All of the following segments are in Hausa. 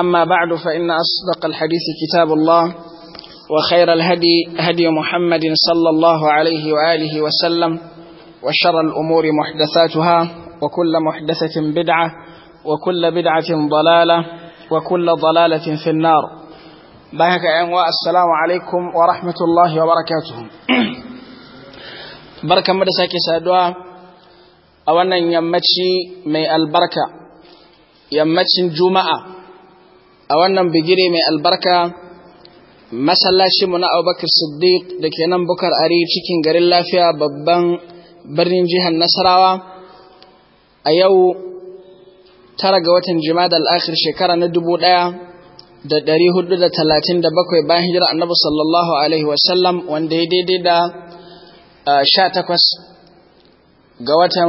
أما بعد فإن أصدق الحديث كتاب الله وخير الهدي هدي محمد صلى الله عليه وآله وسلم وشر الأمور محدثاتها وكل محدثة بدعة وكل بدعة ضلالة وكل ضلالة في النار أنواء السلام عليكم ورحمة الله وبركاته بركة مدسة كسادوا أولا يمتشي مي البركة يمتشي جمعة a wannan bigire mai albarka mu na abubakar siddiq da ke nan bukar ari cikin garin lafiya babban birnin jihar nasarawa a yau tara ga watan jima'a al'akhir shekara na dubu ɗaya da dari hudu da talatin da bakwai bayan hijira annabi sallallahu alaihi wasallam wanda ya daidai da sha takwas ga watan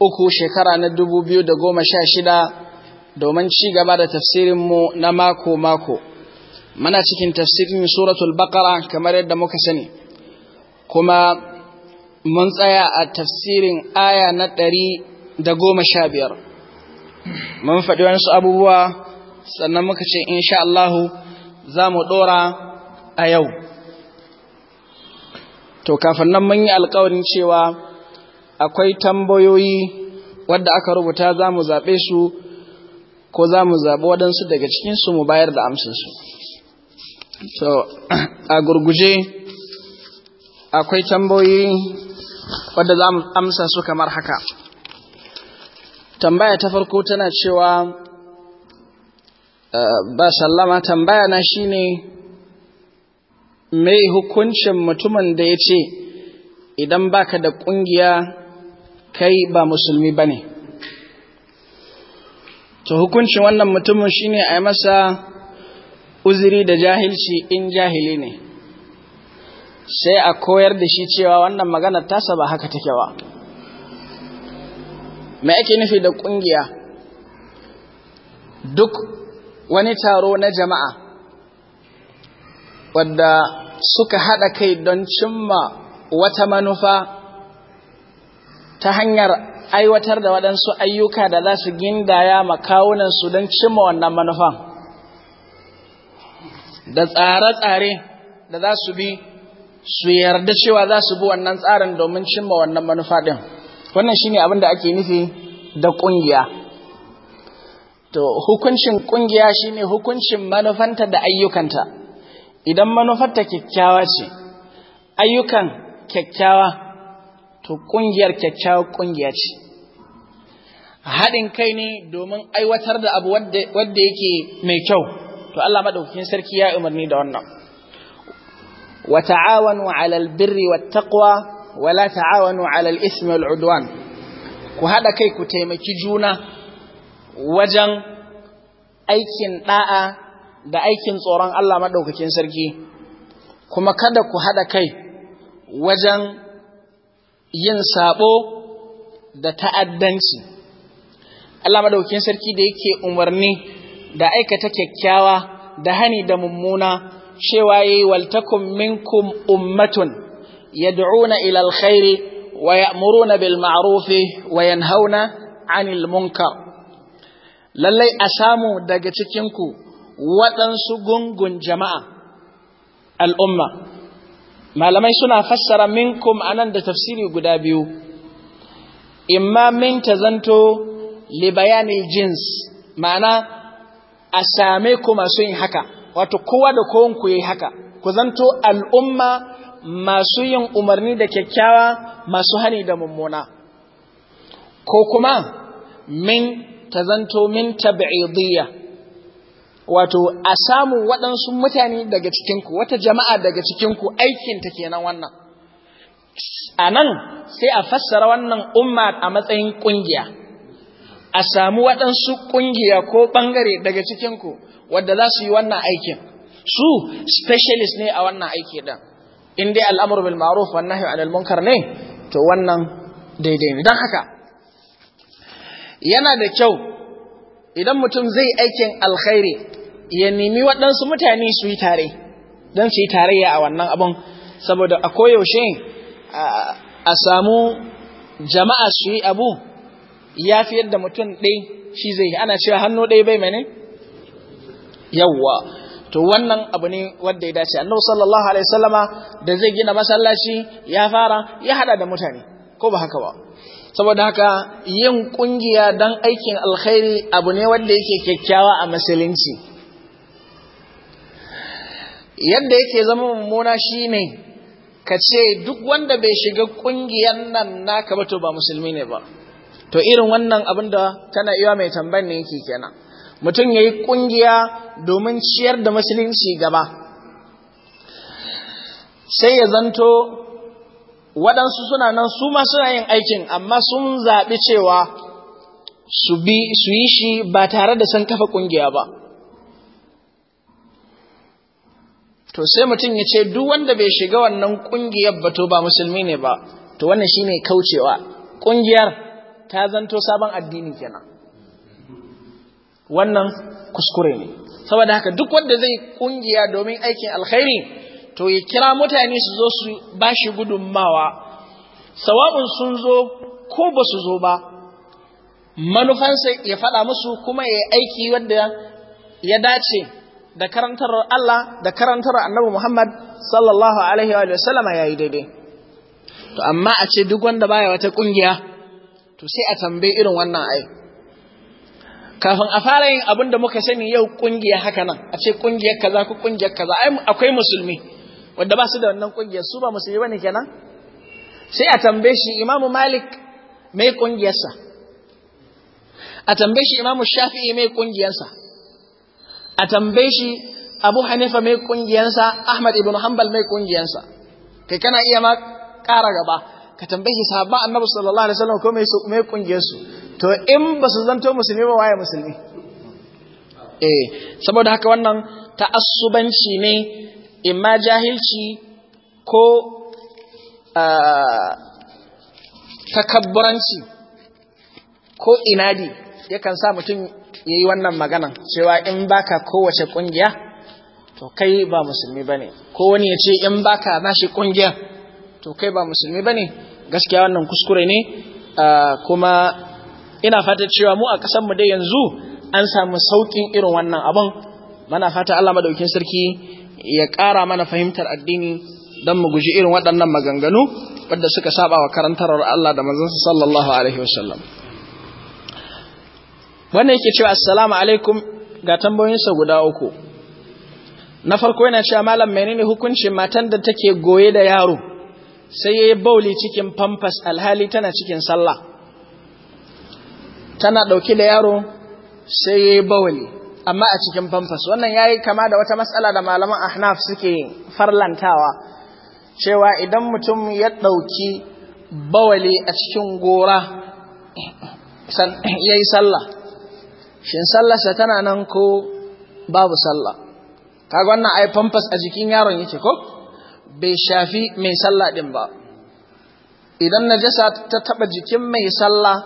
uku shekara na dubu biyu da goma sha shida domin ci gaba da tafsirinmu na mako-mako. Muna cikin tafsirin suratul baqara kamar yadda muka sani, kuma mun tsaya a tafsirin aya na ɗari da goma sha biyar. Mun faɗi wasu abubuwa sannan muka ce, insha Allahu za mu ɗora a yau. To, kafin nan mun yi alkawarin cewa akwai tambayoyi wadda aka rubuta za mu zaɓe su. ko za mu zaɓi waɗansu daga cikinsu mu bayar da amsinsu so a gurguje akwai tambayoyi wadda za mu amsa su kamar haka tambaya ta farko tana cewa eh, ba sallama tambaya na shine mai hukuncin mutumin da ya ce idan baka da ƙungiya kai ba musulmi ba ne to hukuncin wannan mutumin shine a yi masa uzuri da jahilci in jahili ne sai a koyar da shi cewa wannan magana tasa ba haka take ba mai ake nufi da kungiya duk wani taro na jama'a wadda suka haɗa kai don cimma wata manufa ta hanyar aiwatar da waɗansu ayyuka da za su gindaya makawunansu don cimma wannan manufan da tsare-tsare da za su bi su yarda cewa za su bi wannan tsarin domin cimma wannan manufa ɗin wannan shi abin da ake nufi da ƙungiya to hukuncin ƙungiya shi ne hukuncin manufanta da ayyukanta idan manufanta kyakkyawa ce ayyukan kyakkyawa to ƙungiyar kyakkyawar ƙungiya ce haɗin kai ne domin aiwatar da abu wadda yake mai kyau to Allah madaukakin sarki ya umarni da wannan wa ta'awanu 'alal birri wat taqwa wa la ta'awanu 'alal ismi wal 'udwan ku haɗa kai ku taimaki juna wajen aikin da'a da aikin tsoron Allah madaukakin sarki kuma kada ku haɗa kai wajen yin sabo da ta'addanci Allah madaukakin sarki da yake umarni da aikata kyakkyawa da hani da mummuna cewa yi waltakum minkum ummatun yad'una ila alkhairi wa ya'muruna bil ma'ruf wa yanhauna 'anil munkar lallai a samu daga cikin ku waɗansu gungun jama'a al'umma malamai suna fassara minkum anan da tafsiri guda biyu imma min ta zanto Libayani jins ma'ana a same ku masu yin haka wato kowa da kowan ku yi haka ku zanto al'umma masu yin umarni da kyakkyawa masu hani da mummuna ko kuma min ta zanto min tabi'idiyya wato a samu waɗansu mutane daga cikinku wata jama'a daga cikinku aikinta kenan wannan a nan sai a fassara wannan umma a matsayin ƙungiya a samu waɗansu ƙungiya ko ɓangare daga cikinku wadda za su yi wannan aikin su specialist ne a wannan aiki ɗan inda al'amur bil ma'ruf wannan munkar ne to wannan daidai ne don haka yana da kyau idan mutum zai aikin alkhairi ya nemi waɗansu mutane su yi tare don su yi tarayya a wannan abin saboda a koyaushe a samu jama'a su yi abu ya fi yadda mutum ɗai shi zai yi ana cewa hannu ɗai bai mene yawwa to wannan abu ne wanda ya dace annabi sallallahu alaihi wasallama da zai gina masallaci ya fara ya hada da mutane ko ba haka ba saboda haka yin kungiya dan aikin alkhairi abu ne wanda yake kyakkyawa a musulunci yadda yake zama mummuna shine ka ce duk wanda bai shiga kungiyan nan naka ba to ba musulmi ne ba to irin wannan abin da tana iya mai tambayar ne yake kenan mutum ya yi ƙungiya domin ciyar da musulunci gaba sai ya zanto waɗansu suna nan su ma suna yin aikin amma sun zaɓi cewa su yi shi ba tare da san kafa ƙungiya ba to sai mutum ya ce duk wanda bai shiga wannan ƙungiyar bato ba musulmi ne ba to wannan shine kaucewa ƙungiyar ta zanto sabon addini kenan wannan kuskure ne saboda haka duk wanda zai kungiya domin aikin alkhairi to ya kira mutane su zo su bashi gudunmawa sawabin sun zo ko ba su zo ba manufansa ya faɗa musu kuma ya aiki wanda ya dace da karantar Allah da karantar annabi Muhammad sallallahu alaihi wa sallama ya yi daidai. To, amma a ce duk wanda baya wata ƙungiya to sai a tambayi irin wannan ai kafin a fara yin abin da muka sani yau kungiya haka nan a ce kungiyar kaza ko kungiyar kaza ai akwai musulmi wanda ba su da wannan kungiyar su ba musulmi bane kenan sai a tambaye shi imamu malik mai kungiyarsa a tambaye shi imamu shafi'i mai kungiyarsa a tambaye shi abu hanifa mai kungiyarsa ahmad ibn hanbal mai kungiyarsa kai kana iya ma kara gaba ka tambaye sahabban annabi sallallahu alaihi wasallam ko me su me kungiye su to in ba su zanto musulmi ba waye musulmi eh saboda haka wannan ta'assubanci ne imma jahilci ko takabburanci ko inadi yakan sa mutum yayi wannan maganan cewa in baka kowace kungiya to kai ba musulmi bane ko wani ya ce in baka nashi kungiyar to kai ba musulmi bane gaskiya wannan kuskure ne kuma ina fata cewa mu a ƙasar mu dai yanzu an samu sauƙin irin wannan abun mana fata Allah madaukin sarki ya ƙara mana fahimtar addini don mu guji irin waɗannan maganganu wadda suka saba wa karantarwar Allah da manzansa sallallahu alaihi wasallam wannan yake cewa assalamu alaikum ga tambayoyinsa guda uku na farko yana cewa malam menene hukuncin matan da take goye da yaro sai ya yi bauli cikin pampas alhali tana cikin sallah tana ɗauke da yaro sai ya yi bauli amma a cikin pampas wannan ya yi kama da wata matsala da malaman ahnaf suke farlantawa cewa idan mutum ya ɗauki bauli a cikin gora ya yi sallah shin sallarsa tana nan ko babu sallah kaga wannan ai famfas a jikin yaron yake ko bai shafi mai sallah ɗin ba idan najasa ta taɓa jikin mai sallah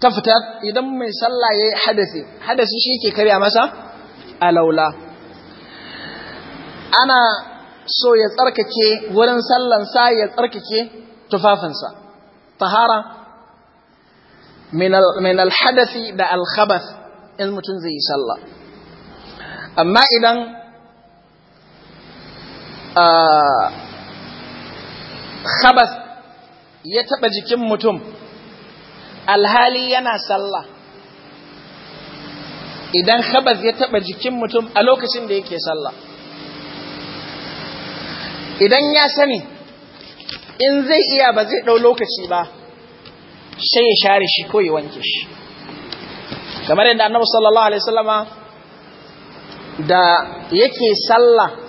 ta fita idan mai sallah ya yi hadasi hadasi shi ke karya masa alaula ana so ya tsarkake wurin sallansa ya tsarkake tufafinsa tahara min alhadasi da alkhabas in mutum zai yi sallah amma idan khabas ya taɓa jikin mutum alhali yana sallah idan khabas ya taɓa jikin mutum a lokacin da yake sallah idan ya sani in zai iya ba zai ɗau lokaci ba sai ya share shi ko ya wanke shi kamar yadda annabi sallallahu alaihi wasallama da yake sallah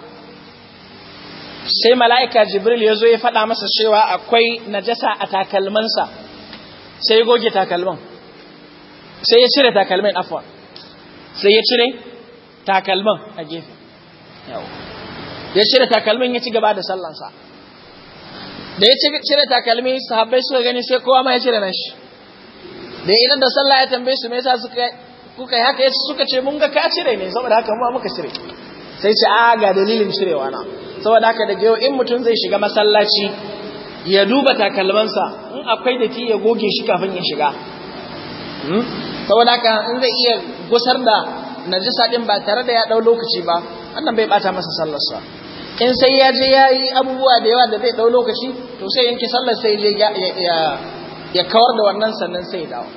sai mala'ika jibril ya zo ya faɗa masa cewa akwai najasa a takalmansa sai ya goge takalman sai ya cire takalman afuwa sai ya cire takalman a gefe ya cire takalman ya ci gaba da sallansa da ya cire takalmi sahabbai suka gani sai kowa ma ya cire nashi da idan da sallah ya tambaye su me yasa suka kuka haka yace suka ce mun ga ka cire ne saboda haka mu muka cire sai ce a ga dalilin cirewa na saboda haka daga yau in mutum zai shiga masallaci ya duba takalmansa in akwai datti ya goge shi kafin ya shiga hmm? saboda haka in zai iya gusar da najisa din ba tare da ya dau lokaci ba wannan bai bata masa sallarsa in sai ya je ya yi abubuwa da yawa da zai dau lokaci to sai yanke sallar sai ya ya kawar da wannan sannan sai ya dawo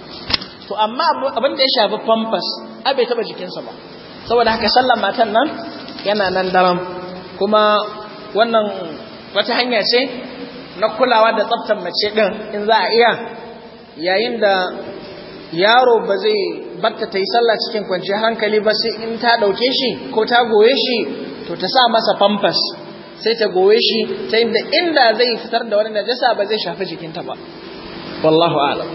to amma abin da ya shafi pampas a bai taba jikinsa ba saboda haka sallar matan nan yana nan daram kuma wannan wata hanya ce na kulawa da tsaftar mace ɗin in za a iya yayin da yaro ba zai batta ta yi sallah cikin kwanciyar hankali ba sai in ta ɗauke shi ko ta goye shi to ta sa masa famfas sai ta goye shi ta inda inda zai fitar da wani najasa ba zai shafi jikinta ba wallahu alam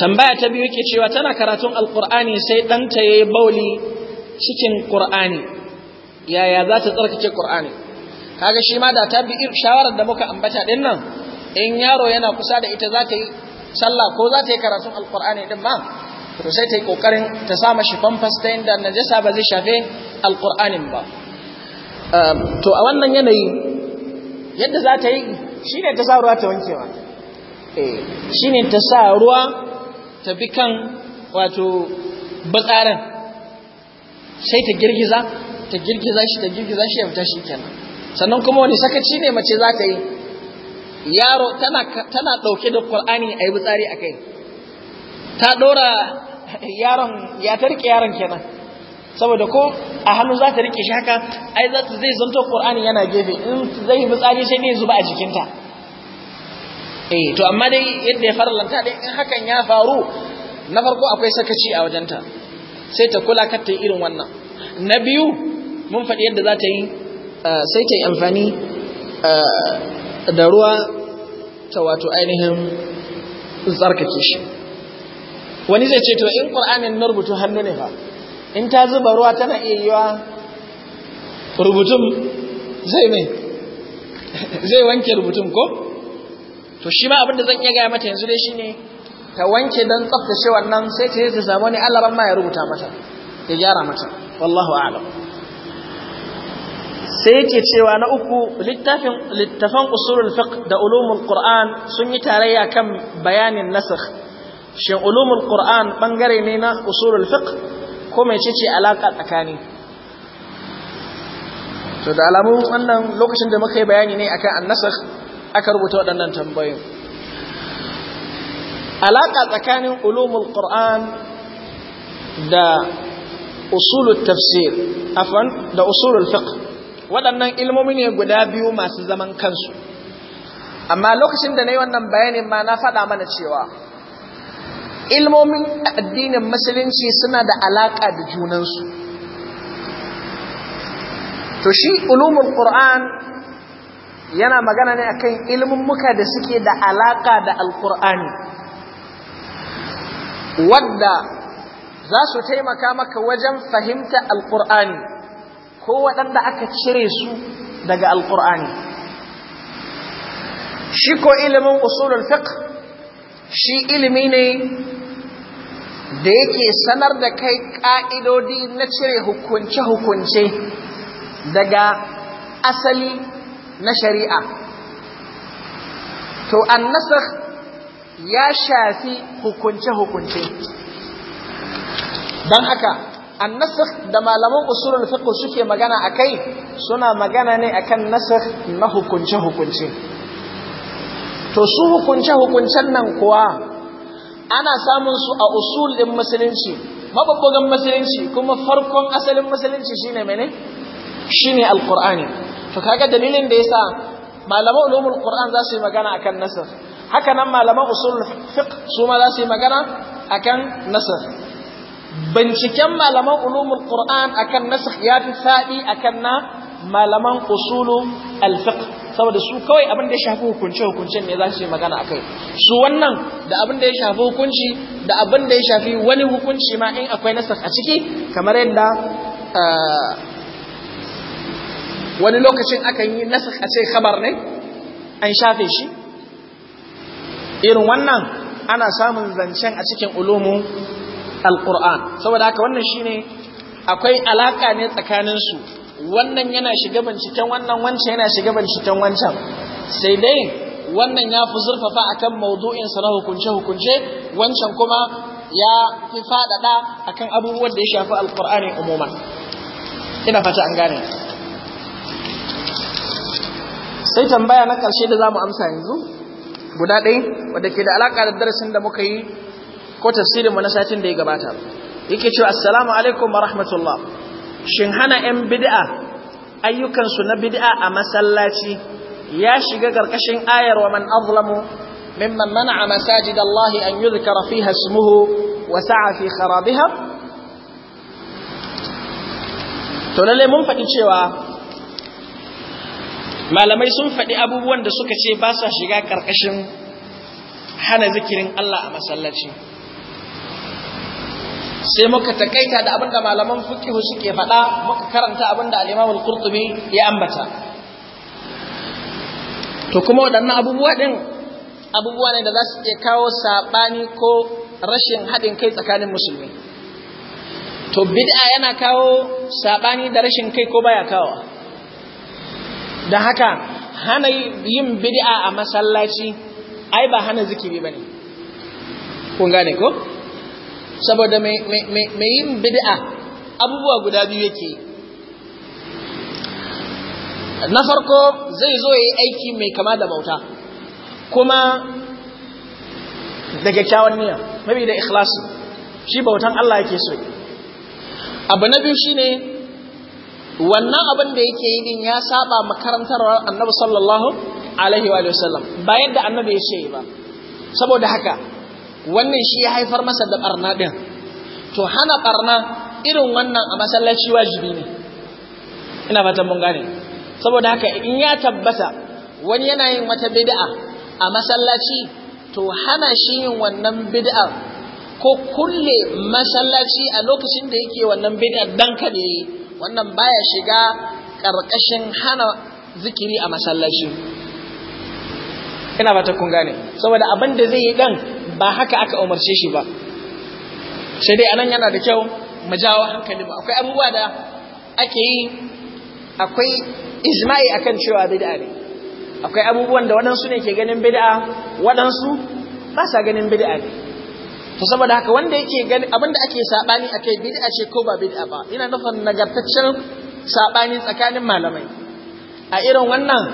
tambaya ta biyu ke cewa tana karatun alqur'ani sai ɗanta yi bauli cikin qur'ani yaya za ta tsarkake Qur'ani kaga shi ma da ta bi shawarar da muka ambata din nan in yaro yana kusa da ita za ta yi sallah ko za ta yi karatun alqur'ani din ma to sai ta yi kokarin ta sa mashi famfas ta inda najasa ba zai shafe alqur'anin ba um, to a wannan yanayi yadda za ta yi shine ta sa ruwa ta wankewa eh shine ta sa ruwa ta bi kan wato batsaran sai ta girgiza ta girgiza shi ta girgiza shi ya fita shi kenan sannan kuma wani sakaci ne mace za ta yi yaro tana tana dauke da Qur'ani ayi bitsari akai ta dora yaron ya ta rike yaron kenan saboda ko a hannu za ta rike shi haka ai za ta zai zanto Qur'ani yana gefe in zai bitsari sai ne zuba a jikinta eh to amma dai yadda ya lanta dai in hakan ya faru na farko akwai sakaci a wajenta sai ta kula kar ta irin wannan na biyu mun faɗi yadda za ta yi sai ta yi amfani da ruwa ta wato ainihin tsarkake shi wani zai ce to in ƙur'anin na rubutu hannu ne ba, in ta zuba ruwa tana iya yiwa rubutun zai mai zai wanke rubutun ko to shi ma abinda zan iya gaya mata yanzu dai ne ta wanke don tsaftace wannan sai ta yi ta samu wani alaran ma ya rubuta mata ya gyara mata wallahu a'lam sai yake cewa na uku littafin littafan usulul fiqh da ulumul qur'an sun yi tarayya kan bayanin nasakh shin ulumul qur'an bangare ne na usulul fiqh ko ce alaka tsakani to da alamu wannan lokacin da muka yi bayani ne akan annasakh aka rubuta waɗannan tambayoyin alaka tsakanin ulumul qur'an da usulul tafsir afwan da usulul fiqh waɗannan ilmomi ne guda biyu masu zaman kansu amma lokacin da na yi wannan bayanin ma na faɗa mana cewa ilmomin addinin musulunci suna da alaƙa da junansu to shi ulumul qur'an yana magana ne akan ilmummuka da suke da alaƙa da alƙur'ani wadda za su taimaka maka wajen fahimta alƙur'ani ko waɗanda aka cire su daga alƙur'ani shi ko ilimin usulul fiqh shi ilimi ne da yake sanar da kai ƙa'idodi na cire hukunce-hukunce daga asali na shari'a to annasar ya shafi hukunce-hukunce don haka annasakh da malaman usulul fiqh suke magana akai suna magana ne akan nasakh na hukunce hukunce to su hukunce hukuncen nan kuwa ana samun su a usul din musulunci mababbagan musulunci kuma farkon asalin musulunci shine mene shine alqur'ani to kaga dalilin da yasa malaman ulumul qur'an za su yi magana akan nasakh haka nan malaman usulul fiqh su ma za su yi magana akan nasakh binciken malaman ulumul Qur'an akan nasakh ya fi fadi akan na malaman usulu fiqh saboda su kawai abin da ya shafi hukunce hukuncin ne za su yi magana akai su wannan da abin da ya shafi hukunci da abin da ya shafi wani hukunci ma in akwai nasakh a ciki kamar yadda eh, wani lokacin akan yi nasakh a ce khabar ne an shafe shi irin wannan ana samun zancen a cikin ulumu alquran saboda haka wannan shine akwai alaka ne tsakanin su wannan yana shiga binciken wannan wancan yana shiga binciken wancan sai dai wannan ya fi zurfafa akan maudu'in sa na hukunce hukunce wancan kuma ya fi faɗaɗa akan abubuwan da ya shafi alqur'ani umuma ina fata an gane sai tambaya na karshe da za mu amsa yanzu guda ɗaya wadda ke da alaƙa da darasin da muka yi ko tafsirin na satin da ya gabata yake cewa assalamu alaikum wa rahmatullah shin hana yan bid'a ayyukansu na bid'a a masallaci ya shiga karkashin ayar wa man azlamu mimman mana'a masajid an yuzkara fiha ismuhu wa sa'a fi kharabiha to lalle mun faɗi cewa malamai sun faɗi abubuwan da suka ce ba sa shiga karkashin hana zikirin Allah a masallaci sai muka takaita da abinda malaman fiqhu suke faɗa muka karanta abinda al-Imam al-Qurtubi ya ambata to kuma waɗannan abubuwa din abubuwa ne da za su iya kawo sabani ko rashin haɗin kai tsakanin musulmi to bid'a yana kawo saɓani da rashin kai ko baya kawo don haka hana yin bid'a a masallaci ai ba hana zikiri bane kun gane ko saboda mai yin bid'a abubuwa guda biyu yake na farko zai zo ya yi aiki mai kama da bauta kuma da kyakkyawan niyya mabi da ikhlasi shi bautan Allah yake so abu na biyu shine wannan abin da yake yi din ya saba makarantar annabi sallallahu alaihi wa sallam ba yadda annabi ya ce ba saboda haka wannan shi ya haifar masa da barna ɗin, to hana barna irin wannan a masallaci wajibi ne ina fatan mun gane saboda haka in ya tabbata wani yana yin wata bid'a a masallaci to hana shi yin wannan bid'a ko kulle masallaci a lokacin da yake wannan bid'a dan wannan baya shiga karkashin hana zikiri a masallaci ina ba kun gane saboda abin da zai yi dan ba haka aka umarce shi ba sai dai anan yana da kyau mu jawo hankali ba akwai abubuwa da ake yi akwai ijma'i akan cewa bid'a ne akwai abubuwan da waɗansu ne ke ganin bid'a waɗansu ba sa ganin bid'a ne to saboda haka wanda yake gani abinda ake sabani akai bid'a ce ko ba bid'a ba ina nufin nagartaccen sabani tsakanin malamai a irin wannan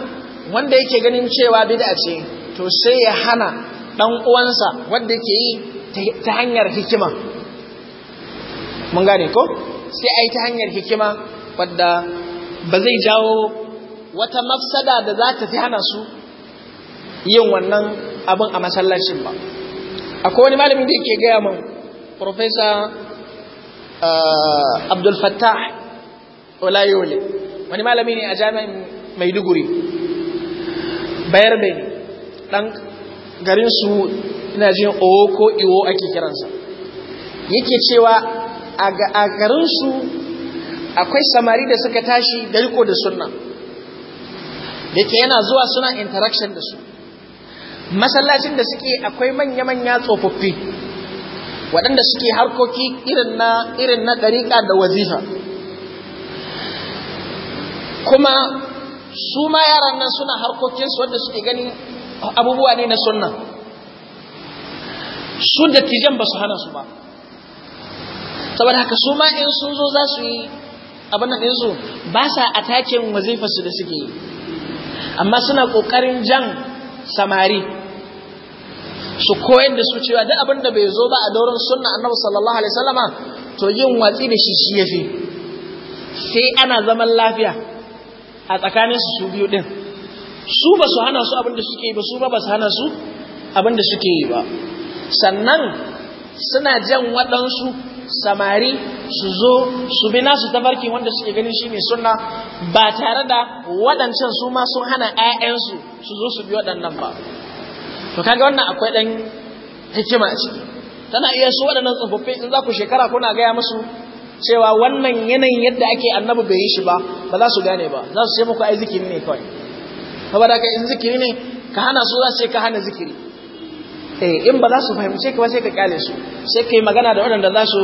wanda yake ganin cewa bid'a ce to sai ya hana ɗan uwansa wanda ke yi ta hanyar hikima mun gane ko sai a yi ta hanyar hikima wadda ba zai jawo wata mafsada da za ta fi hana su yin wannan abin a masallacin ba akwai wani malamin da yake gaya min profesa uh, abdul fattah olayole wani malami ne a jami'in maiduguri bayar bai garinsu ina jin owo ko iwo ake kiransa yake cewa a garinsu akwai samari da suka tashi da riko da sunna da ke yana zuwa suna interaction da su masallacin da suke akwai manya-manya tsofaffi waɗanda suke harkoki irin na irin na ɗariƙa da wazifa kuma su ma yaran nan suna harkokinsu wanda suke gani abubuwa ne na sunna su dattijan ba su hana su ba saboda haka su ma in sun zo za su yi abin nan ɗinsu ba sa atakin wazifarsu da suke yi amma suna ƙoƙarin jan samari su koyar da su cewa duk abin da bai zo ba a doron sunna annabi sallallahu alaihi wasallama to yin watsi da shi shi yafi sai ana zaman lafiya a tsakanin su su biyu din su ba su hana su abinda suke yi ba su ba ba su hana su abinda suke yi ba sannan suna jan waɗansu samari su zo su bi nasu tafarki wanda suke ganin shi ne suna ba tare da waɗancan su ma sun hana 'ya'yansu su zo su bi waɗannan ba to kaga wannan akwai ɗan hikima a tana iya su waɗannan tsofaffi in za ku shekara kuna gaya musu cewa wannan yanayin yadda ake annabi bai yi shi ba ba za su gane ba za su ce muku ai zikiri ne kawai saboda ka in zikiri ne ka hana su za su ce ka hana zikiri eh in ba za su fahimce ka ba sai ka kyale su sai kai magana da waɗanda za su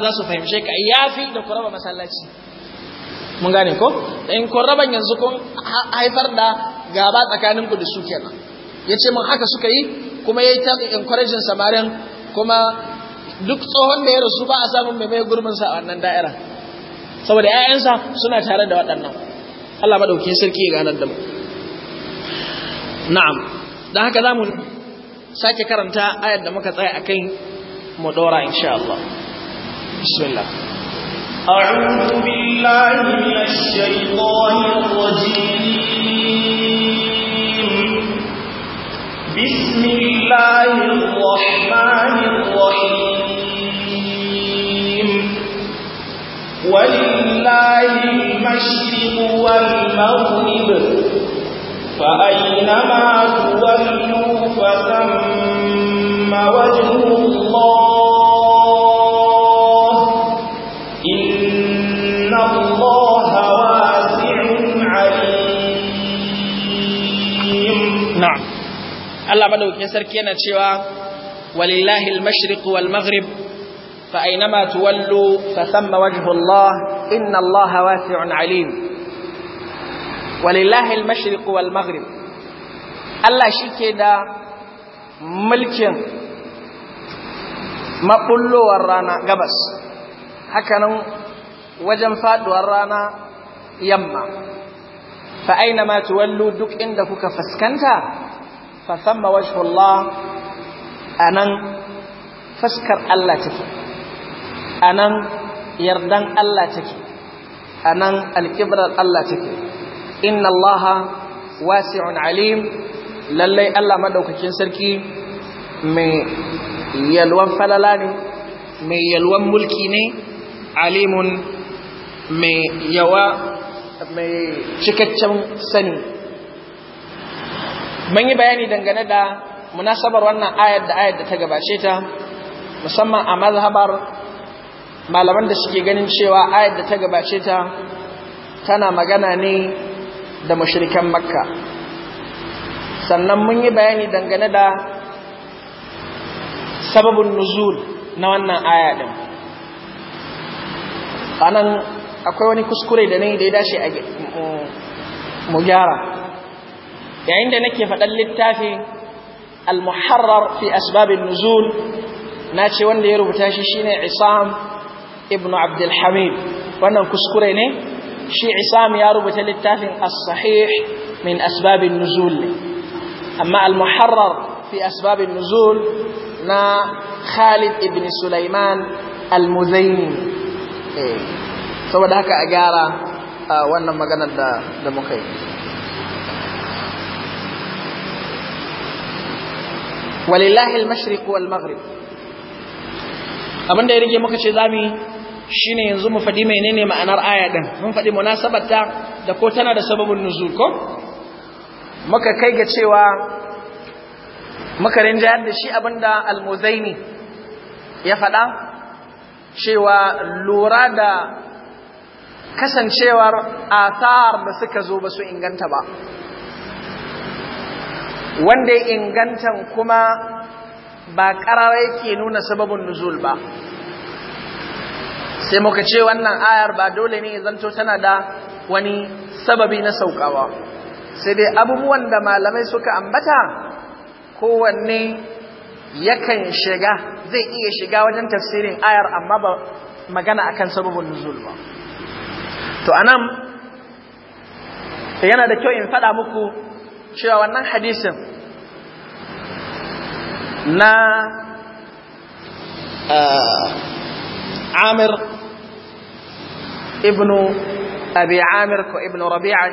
za su fahimce ka yafi da kuraba masallaci mun gane ko in kuraban yanzu kun haifar da gaba tsakanin ku da su kenan yace mun haka suka yi kuma yayi ta encouraging samarin kuma duk tsohon da ya rasu ba a samun mai mai gurbin sa a wannan da'ira saboda 'ya'yansa suna tare da waɗannan Allah madaukakin sarki ya ganar da mu na'am dan haka zamu sake karanta ayar da muka tsaya kai mu ɗora insha Allah bismillah أعوذ بالله من الشيطان الرجيم بسم الله الرحمن الرحيم ولله المشرق والمغرب فأينما تولوا فثم وجه الله إن الله واسع عليم نعم الله مدوك يسر كينا تشيوا ولله المشرق والمغرب فأينما تولوا فثم وجه الله إن الله واسع عليم ولله المشرق والمغرب الله شكي دا ملك مقلو ورانا قبس هكذا وجن فاد ورانا يما فأينما تولوا دك إن دكك فسكنتا فثم وجه الله أنا فسكر الله تفكر Anan yardan Allah take anan nan alƙibrar Allah take inna Allah wasi'un alim lallai Allah madaukakin sarki mai yalwan falala ne mai yalwan mulki ne alimun mai yawa mai cikakken sani mun yi bayani dangane da munasabar wannan ayar da ayar da ta gabashe ta musamman a mazhabar malaman da suke ganin cewa ayar da ta gabace ta tana magana ne da mashirikan makka sannan mun yi bayani dangane da sababin nuzul na wannan aya din anan akwai wani kuskure da ne da ya dace a mu gyara yayin da nake faɗan littafi al-muharrar fi asbabin nuzul na ce wanda ya rubuta shi shine isam ابن عبد الحميد وانا كسكريني إيه؟ شي عصام يا رب الصحيح من اسباب النزول اما المحرر في اسباب النزول نا خالد ابن سليمان المزيني إيه. سوى ذاك اجارا آه، وانا ما كان ولله المشرق والمغرب abin da ya rige muka ce za mu yi shine yanzu mu faɗi menene ma'anar aya din mun faɗi munasabarta da ko tana da sababin nuzul ko muka kai ga cewa muka rinjayar da shi abinda al-muzaini ya faɗa cewa lura da kasancewar asar da suka zo ba su inganta ba wanda ingantan kuma ba ƙararai ke nuna sababin nuzul ba sai muka ce wannan ayar ba dole ne zanto tana da wani sababi na saukawa sai dai abubuwan da malamai suka ambata kowanne yakan shiga zai iya shiga wajen tafsirin ayar amma ba magana akan sababin nuzul ba to anan yana da kyau in faɗa muku cewa wannan hadisin na eh, Amir ibnu abi amir ko ibnu rabi'a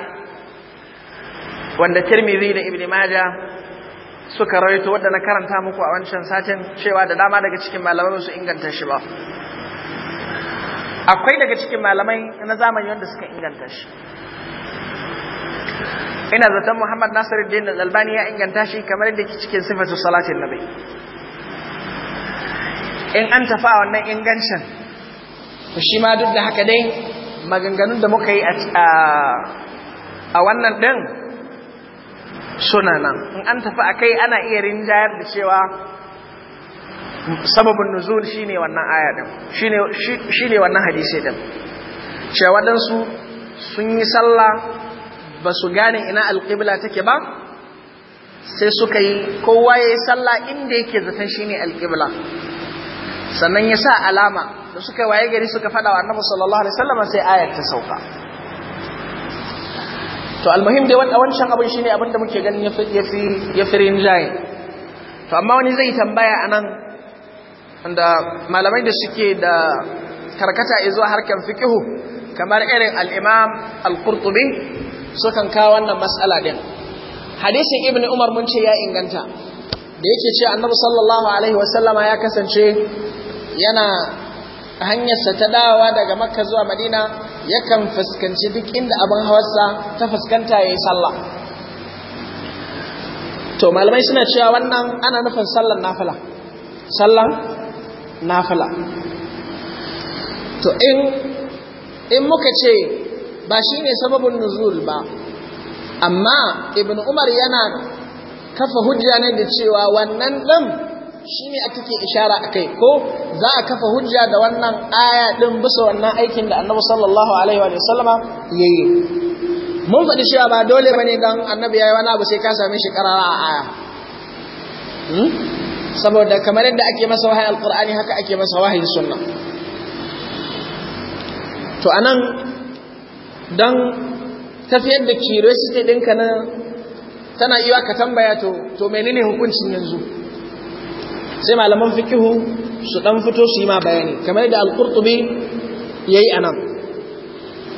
wanda tirmidhi da ibnu majah suka rawaito wanda na karanta muku a wancan satin cewa da dama daga cikin malamai su inganta shi ba akwai daga cikin malamai na zamani wanda suka inganta shi ina zaton Muhammad Nasiruddin Al-Albani ya inganta shi kamar yadda ke cikin sifatu salatin nabi in an tafa wannan ingancin to shi ma duk da haka dai maganganun da muka yi a wannan ɗin suna nan in an tafi a kai ana iya rinjayar da cewa sababin nuzul shine wannan aya din shine wannan hadisi din cewa dan sun yi sallah ba su gane ina alqibla take ba sai suka yi kowa yayi sallah inda yake zaton shine alqibla sannan ya sa alama da suka waye gari suka fada wa annabi sallallahu alaihi wasallam sai ayar ta sauka to almuhim dai wanda wancan abin shine abin da muke ganin ya fi ya rinjaye to amma wani zai tambaya anan da malamai da suke da karkata zuwa harkan fiqhu kamar irin al-Imam al-Qurtubi sukan kawo wannan mas'ala din hadisin Ibn Umar mun ce ya inganta da yake ce Annabi sallallahu alaihi wasallama ya kasance yana hanyarsa ta dawowa daga makka zuwa madina yakan fuskanci duk inda abin hawarsa ta fuskanta ya yi sallah to malamai suna cewa wannan ana nufin sallan nafila sallan nafila to in in muka ce ba shi ne sababin nuzul ba amma ibn umar yana kafa hujja ne da cewa wannan ɗin shi ne a take ishara a kai ko za a kafa hujja da wannan aya ɗin bisa wannan aikin da annabi sallallahu alaihi wa sallama ya yi mun faɗi cewa ba dole ba ne don annabi ya yi wani abu sai ka same shi ƙarara a aya hmm? saboda kamar yadda ake masa wahayi alƙur'ani haka ake masa wahayi sunna to anan don tafiyar da curiosity ɗinka na tana iya ka tambaya to to menene hukuncin yanzu sai malaman fikihu su dan fito su yi ma bayani kamar da al-qurtubi yayi anan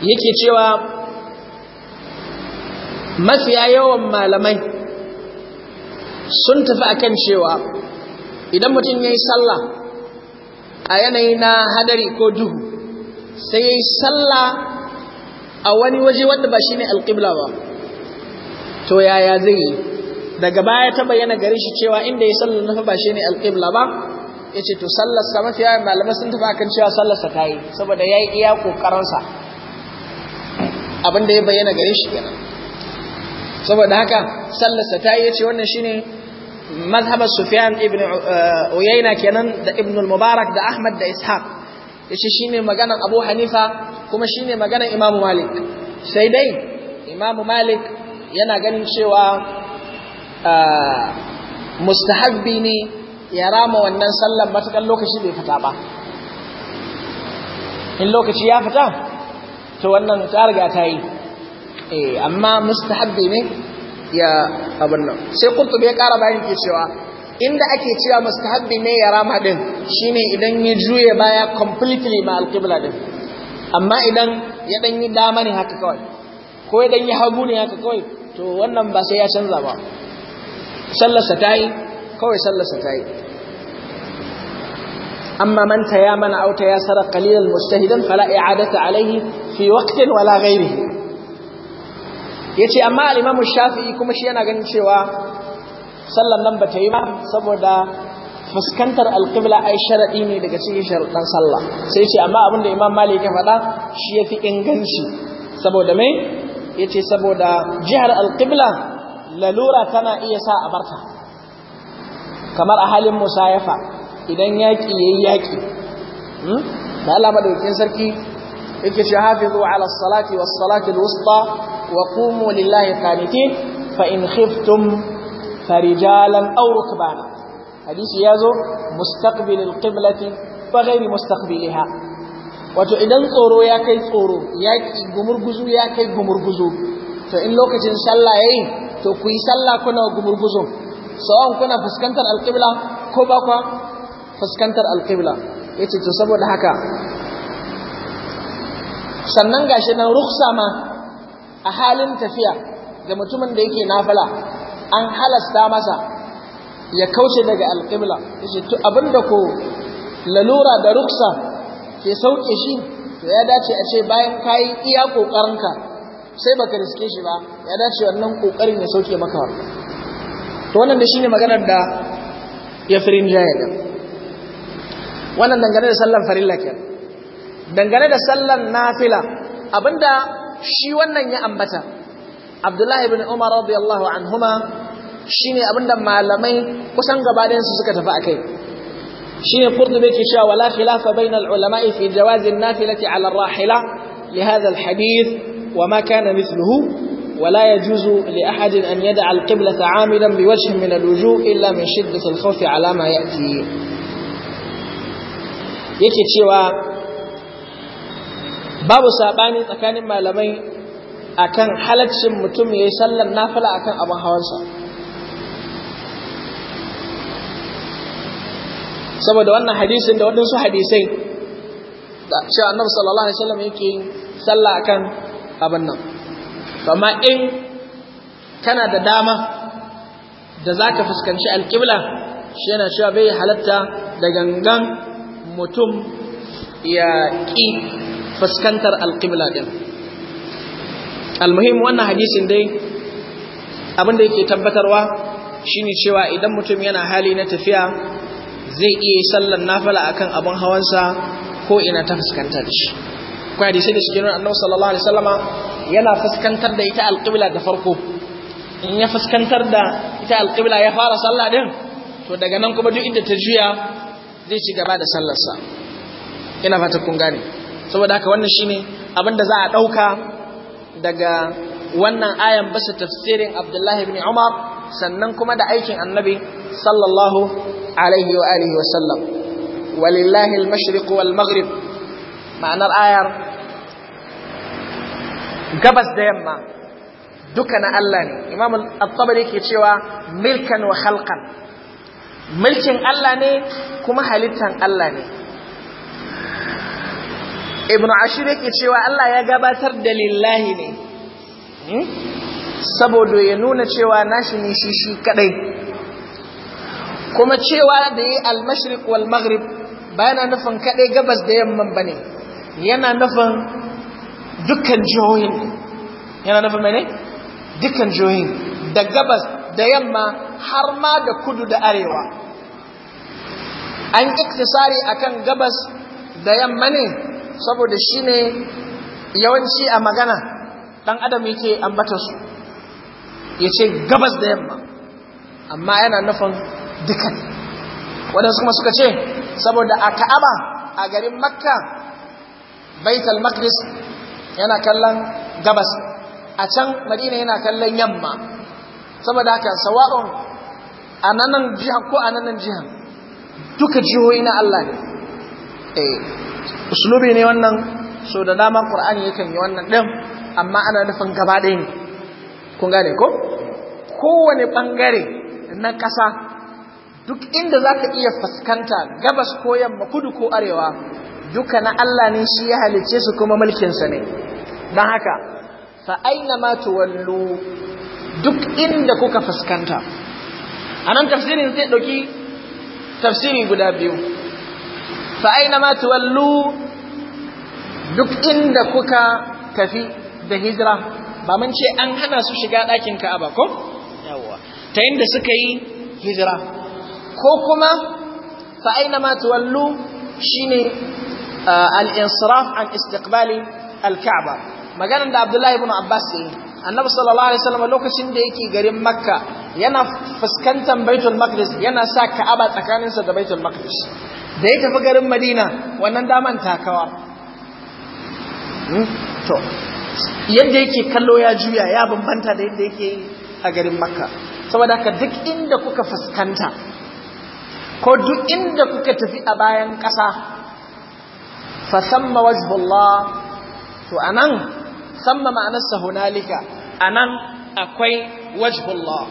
yake cewa mafiya yawan malamai sun tafi akan cewa idan mutum yayi sallah a yanayi na hadari ko duhu sai yayi sallah a wani waje wanda ba shine al-qibla ba to yaya zai yi daga baya ta bayyana gare shi cewa inda ya sallar na ba shine alqibla ba yace to mafi malamai sun tafi akan cewa sallar ta yi. saboda yayi iya kokarin sa abin da ya bayyana gare shi kenan saboda haka ta yi ya yace wannan shine mazhab Sufyan ibn eh, Uyayna kenan da Ibn mubarak da Ahmad da Ishaq yace shine maganar Abu Hanifa kuma shine maganar Imam Malik sai dai Imam Malik yana ganin cewa mustahabbi ne ya rama wannan sallar matakan lokaci bai fita ba in lokaci ya fita to wannan ta riga ta yi amma mustahabbi ne ya abin nan sai kurtubi bai kara bayan ke cewa inda ake cewa mustahabbi ne ya rama din shine idan ya juye baya completely ma alqibla din amma idan ya dan yi dama ne haka kawai ko idan ya hagu ne haka kawai to wannan ba sai ya canza ba sallarsa ta yi kawai sallarsa ta yi amma man ya mana auta ya sara qalilan mustahidan fala i'adata alaihi fi waqtin wala ghairihi yace amma al-imam shafi'i kuma shi yana ganin cewa sallar nan bata yi ba saboda fuskantar alqibla ai sharadi ne daga cikin sharadan sallah sai yace amma abin da imam malik ya faɗa shi yafi inganci saboda me yace saboda jihar alqibla lalura tana iya sa a barka kamar a halin musayafa idan yaƙi ya yi yaƙi hmm? da Allah sarki yake shi hafizu ala salati was salati wusta wa lillahi qanitin fa in khiftum farijalan aw rukbana hadisi yazo mustaqbil al fa ghayr mustaqbiliha wato idan tsoro ya kai tsoro yaki gumurguzu ya kai gumurguzu to in lokacin sallah yayi to ku yi sallah kuna gumurguzo sawan kuna fuskantar alƙibla ko ba kwa fuskantar alƙibla ya ce to saboda haka sannan gashi nan ruksa ma a halin tafiya ga mutumin da yake nafala an halasta masa ya kauce daga alƙibla ya ce to abinda ko lalura da ruksa ke sauƙe shi to ya dace a ce bayan kayi iya ƙoƙarinka sai baka riske shi ba ya dace wannan kokarin ya sauke maka wannan to wannan da shine maganar da ya firin jaya wannan dangane da sallan farilla ke dangane da sallan nafila abinda shi wannan ya ambata Abdullahi ibn Umar radiyallahu anhuma shine abinda malamai kusan gabaɗayan su suka tafi akai شيء قرطبي كشا ولا bainal بين العلماء في جواز النافلة على rahila لهذا الحديث وما كان مثله ولا يجوز لأحد أن يدع القبلة عاملا بوجه من الوجوه إلا من شدة الخوف على ما يأتي yake cewa babu saɓani tsakanin malamai akan halaccin mutum ya yi sallar nafila akan abin hawansa saboda wannan hadisin da waɗansu hadisai cewa annabi sallallahu alaihi wasallam yake sallah akan abin nan amma in kana da dama da za ka fuskanci alƙibla shi yana cewa bai halatta da gangan mutum ya ƙi fuskantar alƙibla ɗin almuhim wannan hadisin dai abin da yake tabbatarwa shine cewa idan mutum yana hali na tafiya zai iya sallar nafala akan abin hawansa ko ina ta fuskanta da shi akwai hadisai da suke nuna annabi sallallahu alaihi wasallama yana fuskantar da ita alqibla da farko in ya fuskantar da ita alqibla ya fara sallah din to daga nan kuma duk inda ta juya zai ci gaba da sallarsa ina fata kun gane saboda haka wannan shine abin da za a ɗauka daga wannan ayan basa tafsirin Abdullahi ibn Umar sannan kuma da aikin Annabi sallallahu alaihi wa alihi wa sallam walillahi al wal maghrib ma'anar ayar gabas da yamma duka na Allah ne imam al-tabari yake cewa milkan wa khalqan milkin Allah ne kuma halittan Allah ne ibnu ashir yake cewa Allah ya gabatar da lillahi ne hmm? saboda ya nuna cewa nashi ne shi shi kadai kuma cewa da yi al-mashriq wal maghrib ba nufin kadai gabas da yamman bane yana nufin dukkan jihohin yana nufin mai ne dukkan jihohin da gabas da yamma har ma da kudu da arewa an iktisari akan gabas da yamma ne saboda shi ne yawanci a magana ɗan adam yake ambatarsu ya ce gabas da yamma amma yana nufin dukkan waɗansu kuma suka ce saboda a ka'aba a garin makka baital maqdis yana kallon gabas a can madina yana kallon yamma saboda haka sawa'un a nan jihar ko a nan jihar duka jihohi na Allah ne eh uslubi ne wannan so da dama qur'ani yakan yi wannan din amma ana nufin gaba ɗaya ne kun gane ko kowane bangare na ƙasa duk inda zaka iya fuskanta gabas ko yamma kudu ko arewa duka na Allah ne shi ya halicce su kuma mulkinsa ne don haka fa aina ma tuwallu duk inda kuka fuskanta a nan tafsirin zai ɗauki tafsiri guda biyu fa aina ma tuwallu duk inda kuka tafi da hijira ba mun ce an hana su shiga ɗakin ka'aba ko yawwa ta inda suka yi hijira ko kuma fa aina ma tuwallu shine al-insiraf an istiqbali al-ka'ba maganar da Abdullahi ibn Abbas yayi Annabi sallallahu alaihi wasallam lokacin da yake garin Makka yana fuskantar Baitul Maqdis yana sa Ka'aba tsakaninsa da Baitul Maqdis da ya tafi garin Madina wannan daman takawa to yadda yake kallo ya juya ya bambanta da yadda yake a garin Makka saboda haka duk inda kuka fuskanta ko duk inda kuka tafi a bayan ƙasa fa samma wajhullah to anan samma ma'anarsa hunalika anan akwai wajhullah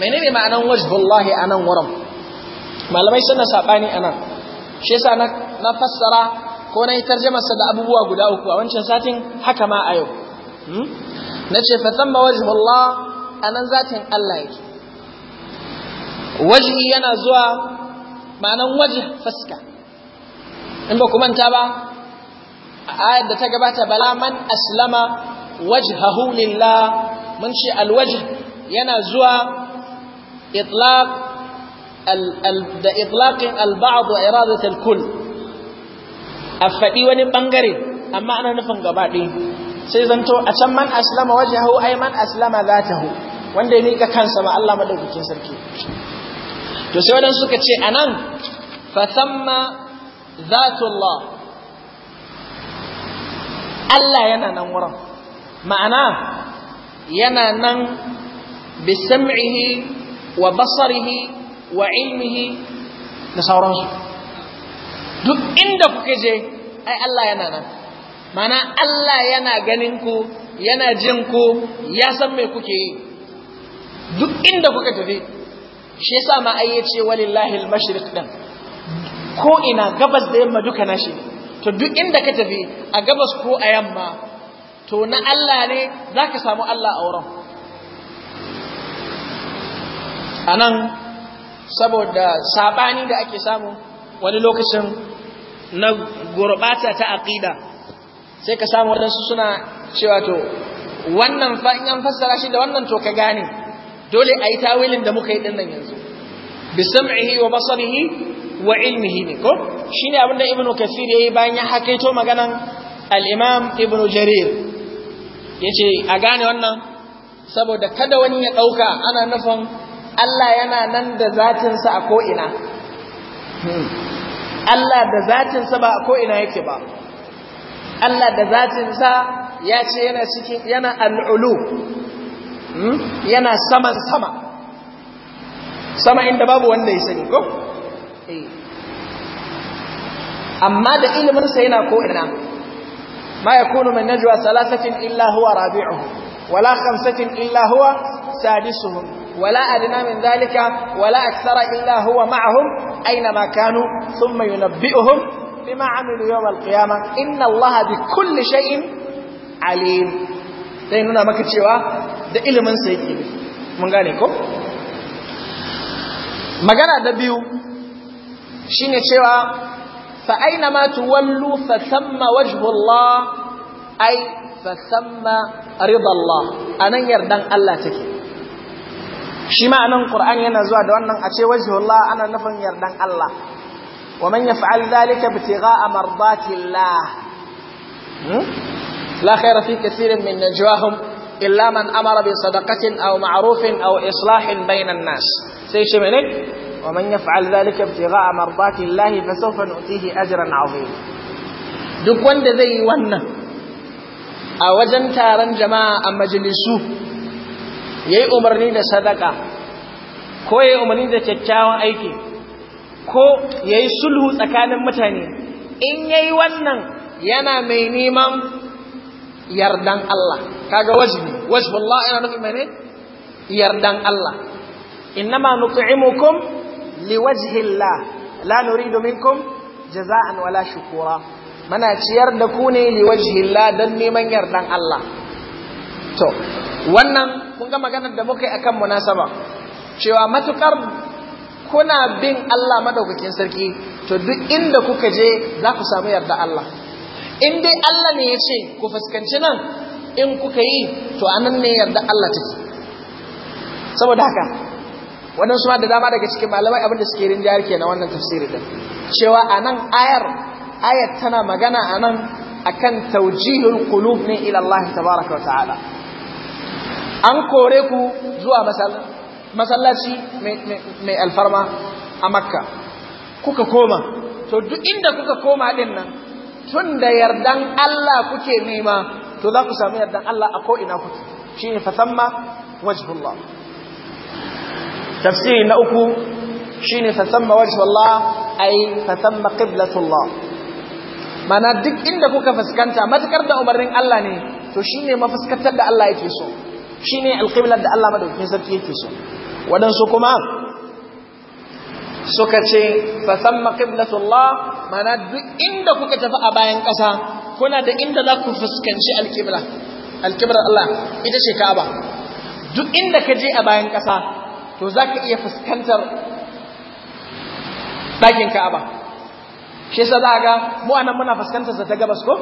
menene ma'anar wajhullah anan wurin malamai suna sabani anan shi yasa na fassara ko na yi tarjumarsa da abubuwa guda uku a wancan satin haka ma a yau hmm? na ce fa samma wajhullah anan zatin Allah yake wajhi yana zuwa ma'anar wajh fuska in ba ku manta ba a ayar da ta gabata bala man aslama wajhahu lillah mun ce alwajh yana zuwa itlaq da itlaqin alba'd wa iradat a faɗi wani bangare amma ana nufin gaba sai zanto a can man aslama wajhahu ay man aslama zatahu wanda ya mika kansa ma Allah madaukakin sarki to sai wadansu suka ce anan fa thamma zatullah Allah yana nan wurin ma'ana yana nan bisam'ihi wa basarihi wa ilmihi da sauransu duk inda kuke je ai Allah yana nan ma'ana Allah yana ganin ku yana jin ku ya san me kuke yi duk inda kuka tafi shi yasa ma ai yace walillahi al-mashriq dan ko ina gabas da yamma duka nashi ne to duk inda ka tafi a gabas ko a yamma to na Allah ne za ka samu Allah a wurin a nan saboda saɓani da ake samu wani lokacin na gurbata ta aƙida sai ka samu waɗansu suna cewa to wannan fa in an fassara shi da wannan to ka gane dole a yi tawilin da muka yi ɗin yanzu bisam'ihi wa basarihi wa ilmihi ne ko shine abinda ibnu kasir yayi bayan ya hakaito maganan al-imam ibnu jarir yace a gane wannan saboda kada wani ya dauka ana nufin Allah yana nan da zatin sa a ko ina hmm. Allah da zatin sa ba a ko ina yake ba Allah da zatin sa ya ce yana cikin yana al-ulu hmm. yana saman sama sama inda babu wanda ya sani ko amma da iliminsa yana ko'ina ma ya kunu min najwa salasatin illa huwa rabi'uhu wala khamsatin illa huwa sadisuhum wala adna min dhalika wala akthara illa huwa aina ma kanu thumma yunabbi'uhum bima 'amilu yawm al-qiyamah inna allaha bikulli shay'in alim sai nuna maka cewa da iliminsa yake mun gane ko magana da biyu shine cewa fa aina ma tuwallu fa thamma wajhullah ai fa thamma ridallah anan yardan Allah take shi ma anan qur'ani yana zuwa da wannan a ce wajhullah ana nufin yardan Allah wa man yaf'al dhalika ibtigha'a mardatillah hmm? la khayra fi kathirin min najwahum illa man amara bi sadaqatin aw ma'rufin aw islahin bainan nas sai ce mene ومن يفعل ذلك ابتغاء مرضات الله فسوف نؤتيه أجرا عظيما duk wanda zai yi wannan a wajen taron jama'a a majalisu ya yi umarni da sadaka ko ya yi umarni da kyakkyawan aiki ko ya yi sulhu tsakanin mutane in ya yi wannan yana mai neman yardan Allah kaga wajibi wajibullah yana nufin mene yardan Allah innama nut'imukum liwajhillah la domin kun jaza'an wala shukura muna ciyar da ku ne liwajhillah dan neman yardan Allah to wannan kun ga maganar da muka yi akan munasaba cewa matukar kuna bin Allah madaukakin sarki to duk inda kuka je za ku samu yarda Allah in dai Allah ne ya ce ku fuskanci nan in kuka yi to anan ne yarda Allah take saboda haka Wannan ma da dama daga cikin malamai abinda suke rinjayar ke na wannan tafsiri din cewa a nan ayar ayar tana magana a nan akan taujihul kulub ne ilallahi Allah tabaraka wa ta'ala an kore ku zuwa masallaci mai alfarma a makka kuka koma to duk inda kuka koma din nan tun da yardan Allah kuke nema to za ku samu yardan Allah a ko'ina kuke shi ne fasamma wajibullah tafsiri na uku shine fasamma wajhullah ay fasamma qiblatullah mana duk inda kuka fuskanta matakar da umarnin Allah ne to shine mafuskantar da Allah yake so shine alqiblar da Allah madaukakin sarki yake so wadansu kuma suka ce fasamma qiblatullah mana duk inda kuka tafi a bayan ƙasa kuna da inda za ku fuskanci alqibla alqiblar Allah ita ce Ka'aba duk inda ka je a bayan ƙasa to za ka iya fuskantar ɗakin ka'aba shi sa za a ga mu anan muna fuskantar sa ta gabas ko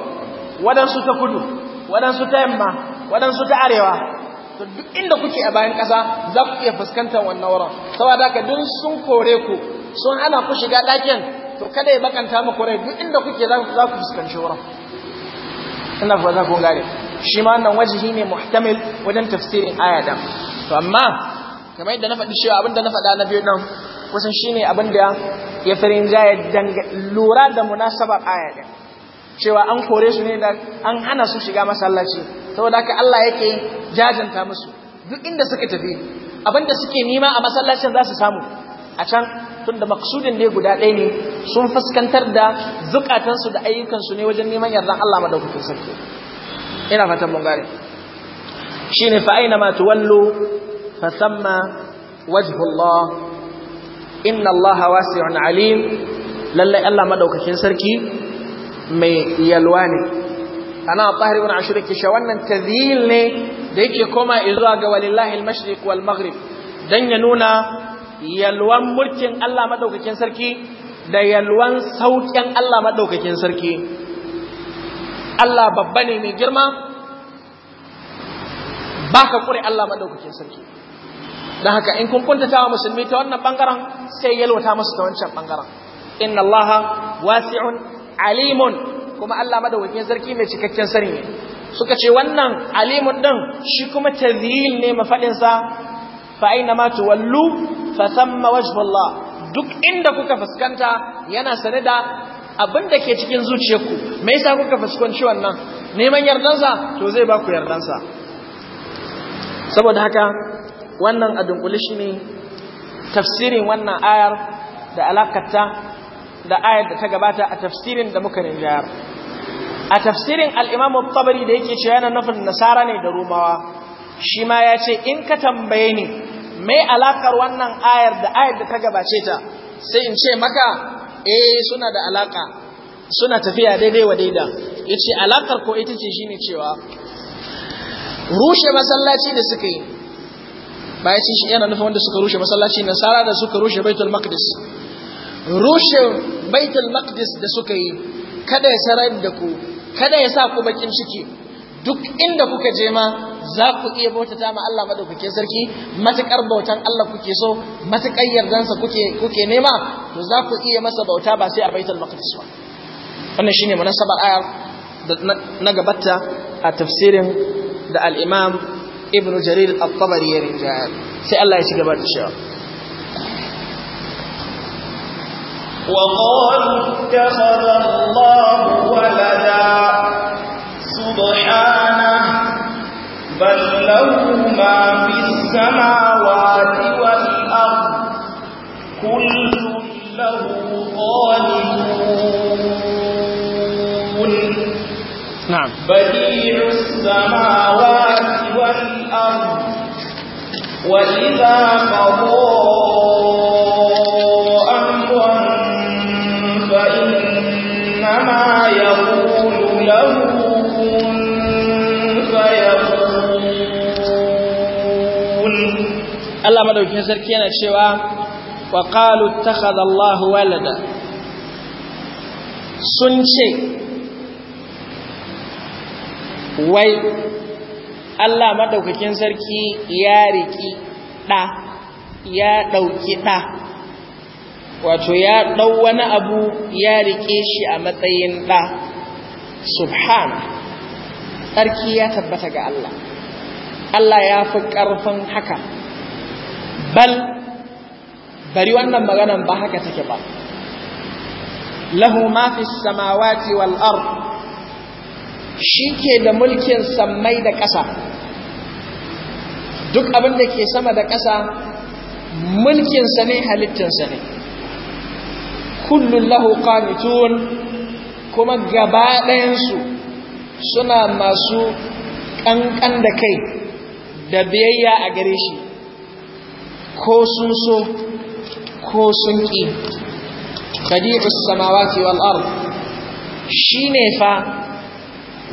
waɗansu ta kudu waɗansu ta yamma waɗansu ta arewa to duk inda kuke a bayan ƙasa za ku iya fuskantar wannan wurin saboda haka duk sun kore ku sun ana ku shiga ɗakin to kada ya bakanta muku rai duk inda kuke za ku fuskanci wurin ina fa za ku gane shi ma wannan wajihi ne muhtamil wajen tafsirin aya to amma kamar yadda na faɗi cewa abinda na faɗa na biyu nan kusan shine abinda ya firin jaya lura da munasabar aya din cewa an kore su ne da an hana su shiga masallaci saboda haka Allah yake jajanta musu duk inda suka tafi abinda suke nima a masallacin za su samu a can tunda maksudin dai guda ɗaya ne sun fuskantar da zukatansu da ayyukansu ne wajen neman yardan Allah madaukakin sarki ina fatan mun gane shine fa aina ma tuwallu fasamma wajhullah inna allaha wasi'un lallai lalle Allah madaukakin sarki ne ana tahir ibn ashir ke ne da yake koma zuwa ga dan ya nuna yalwan mulkin Allah madaukakin sarki da yalwan sauƙin Allah madaukakin sarki Allah babba ne mai girma baka kure Allah madaukakin sarki da haka in kun kuntata wa musulmi ta wannan bangaren sai yalwata musu ta wancan bangaren inna allaha wasi'un alimun kuma Allah madawakin sarki mai cikakken sani ne suka ce wannan alimun din shi kuma tazil ne mafadin sa fa aina ma tuwallu fa thamma wajhu duk inda kuka fuskanta yana sane da abinda ke cikin zuciyarku me yasa kuka fuskanci wannan neman yardansa to zai ba ku yardansa saboda haka wannan a dunkule shi ne tafsirin wannan ayar da alakata da ayar da ta gabata a tafsirin da muka rinjayar a tafsirin al'imamu tabari da yake ce yana nufin nasara ne da rumawa shi ma ya ce in ka tambaye ni mai alakar wannan ayar da ayar da ta gabace ta sai in ce maka e suna da alaka suna tafiya daidai wa daida ya ce alakar ko ita ce shi ne cewa rushe masallaci da suka yi bayan sun shi yana nufin wanda suka rushe masallaci nasara da suka rushe baitul maqdis rushe baitul maqdis da suka yi kada ya sarar da ku kada ya sa ku bakin ciki duk inda kuka je ma za ku iya bautata ma Allah madaukakin sarki matukar bautan Allah kuke so matukar yardansa kuke kuke nema to za ku iya masa bauta ba sai a baitul maqdis ba wannan shine munasabar ayar na gabata a tafsirin da al-imam ابن جرير الطبري tabari ya الله sai Allah شاء وقال وقالوا اتخذ الله ولدا سبحانه بل له ما في السماوات والأرض كل له قانون نعم بديع السماوات والأرض الأرض وإذا قضى أمرا فإنما يقول له كن فيقول الله مدوكين سركينا شوا وقالوا اتخذ الله ولدا sun ce wai Allah maɗaukakin sarki ya riƙi ɗa ya ɗauki ɗa wato ya ɗau wani abu ya riƙe shi a matsayin ɗa subhan sarki ya tabbata ga Allah Allah ya fi ƙarfin haka bal bari wannan maganan ba haka take ba lahu mafi samawati wal 'ar. shi ke da mulkin sammai da ƙasa duk abin da ke sama da ƙasa mulkinsa ne halittinsa ne kullum lahu qanitun kuma gaba ɗayansu suna masu ƙanƙan da kai da biyayya a gare shi ko sun so ko sun ƙi badi'us samawati wal ard shine fa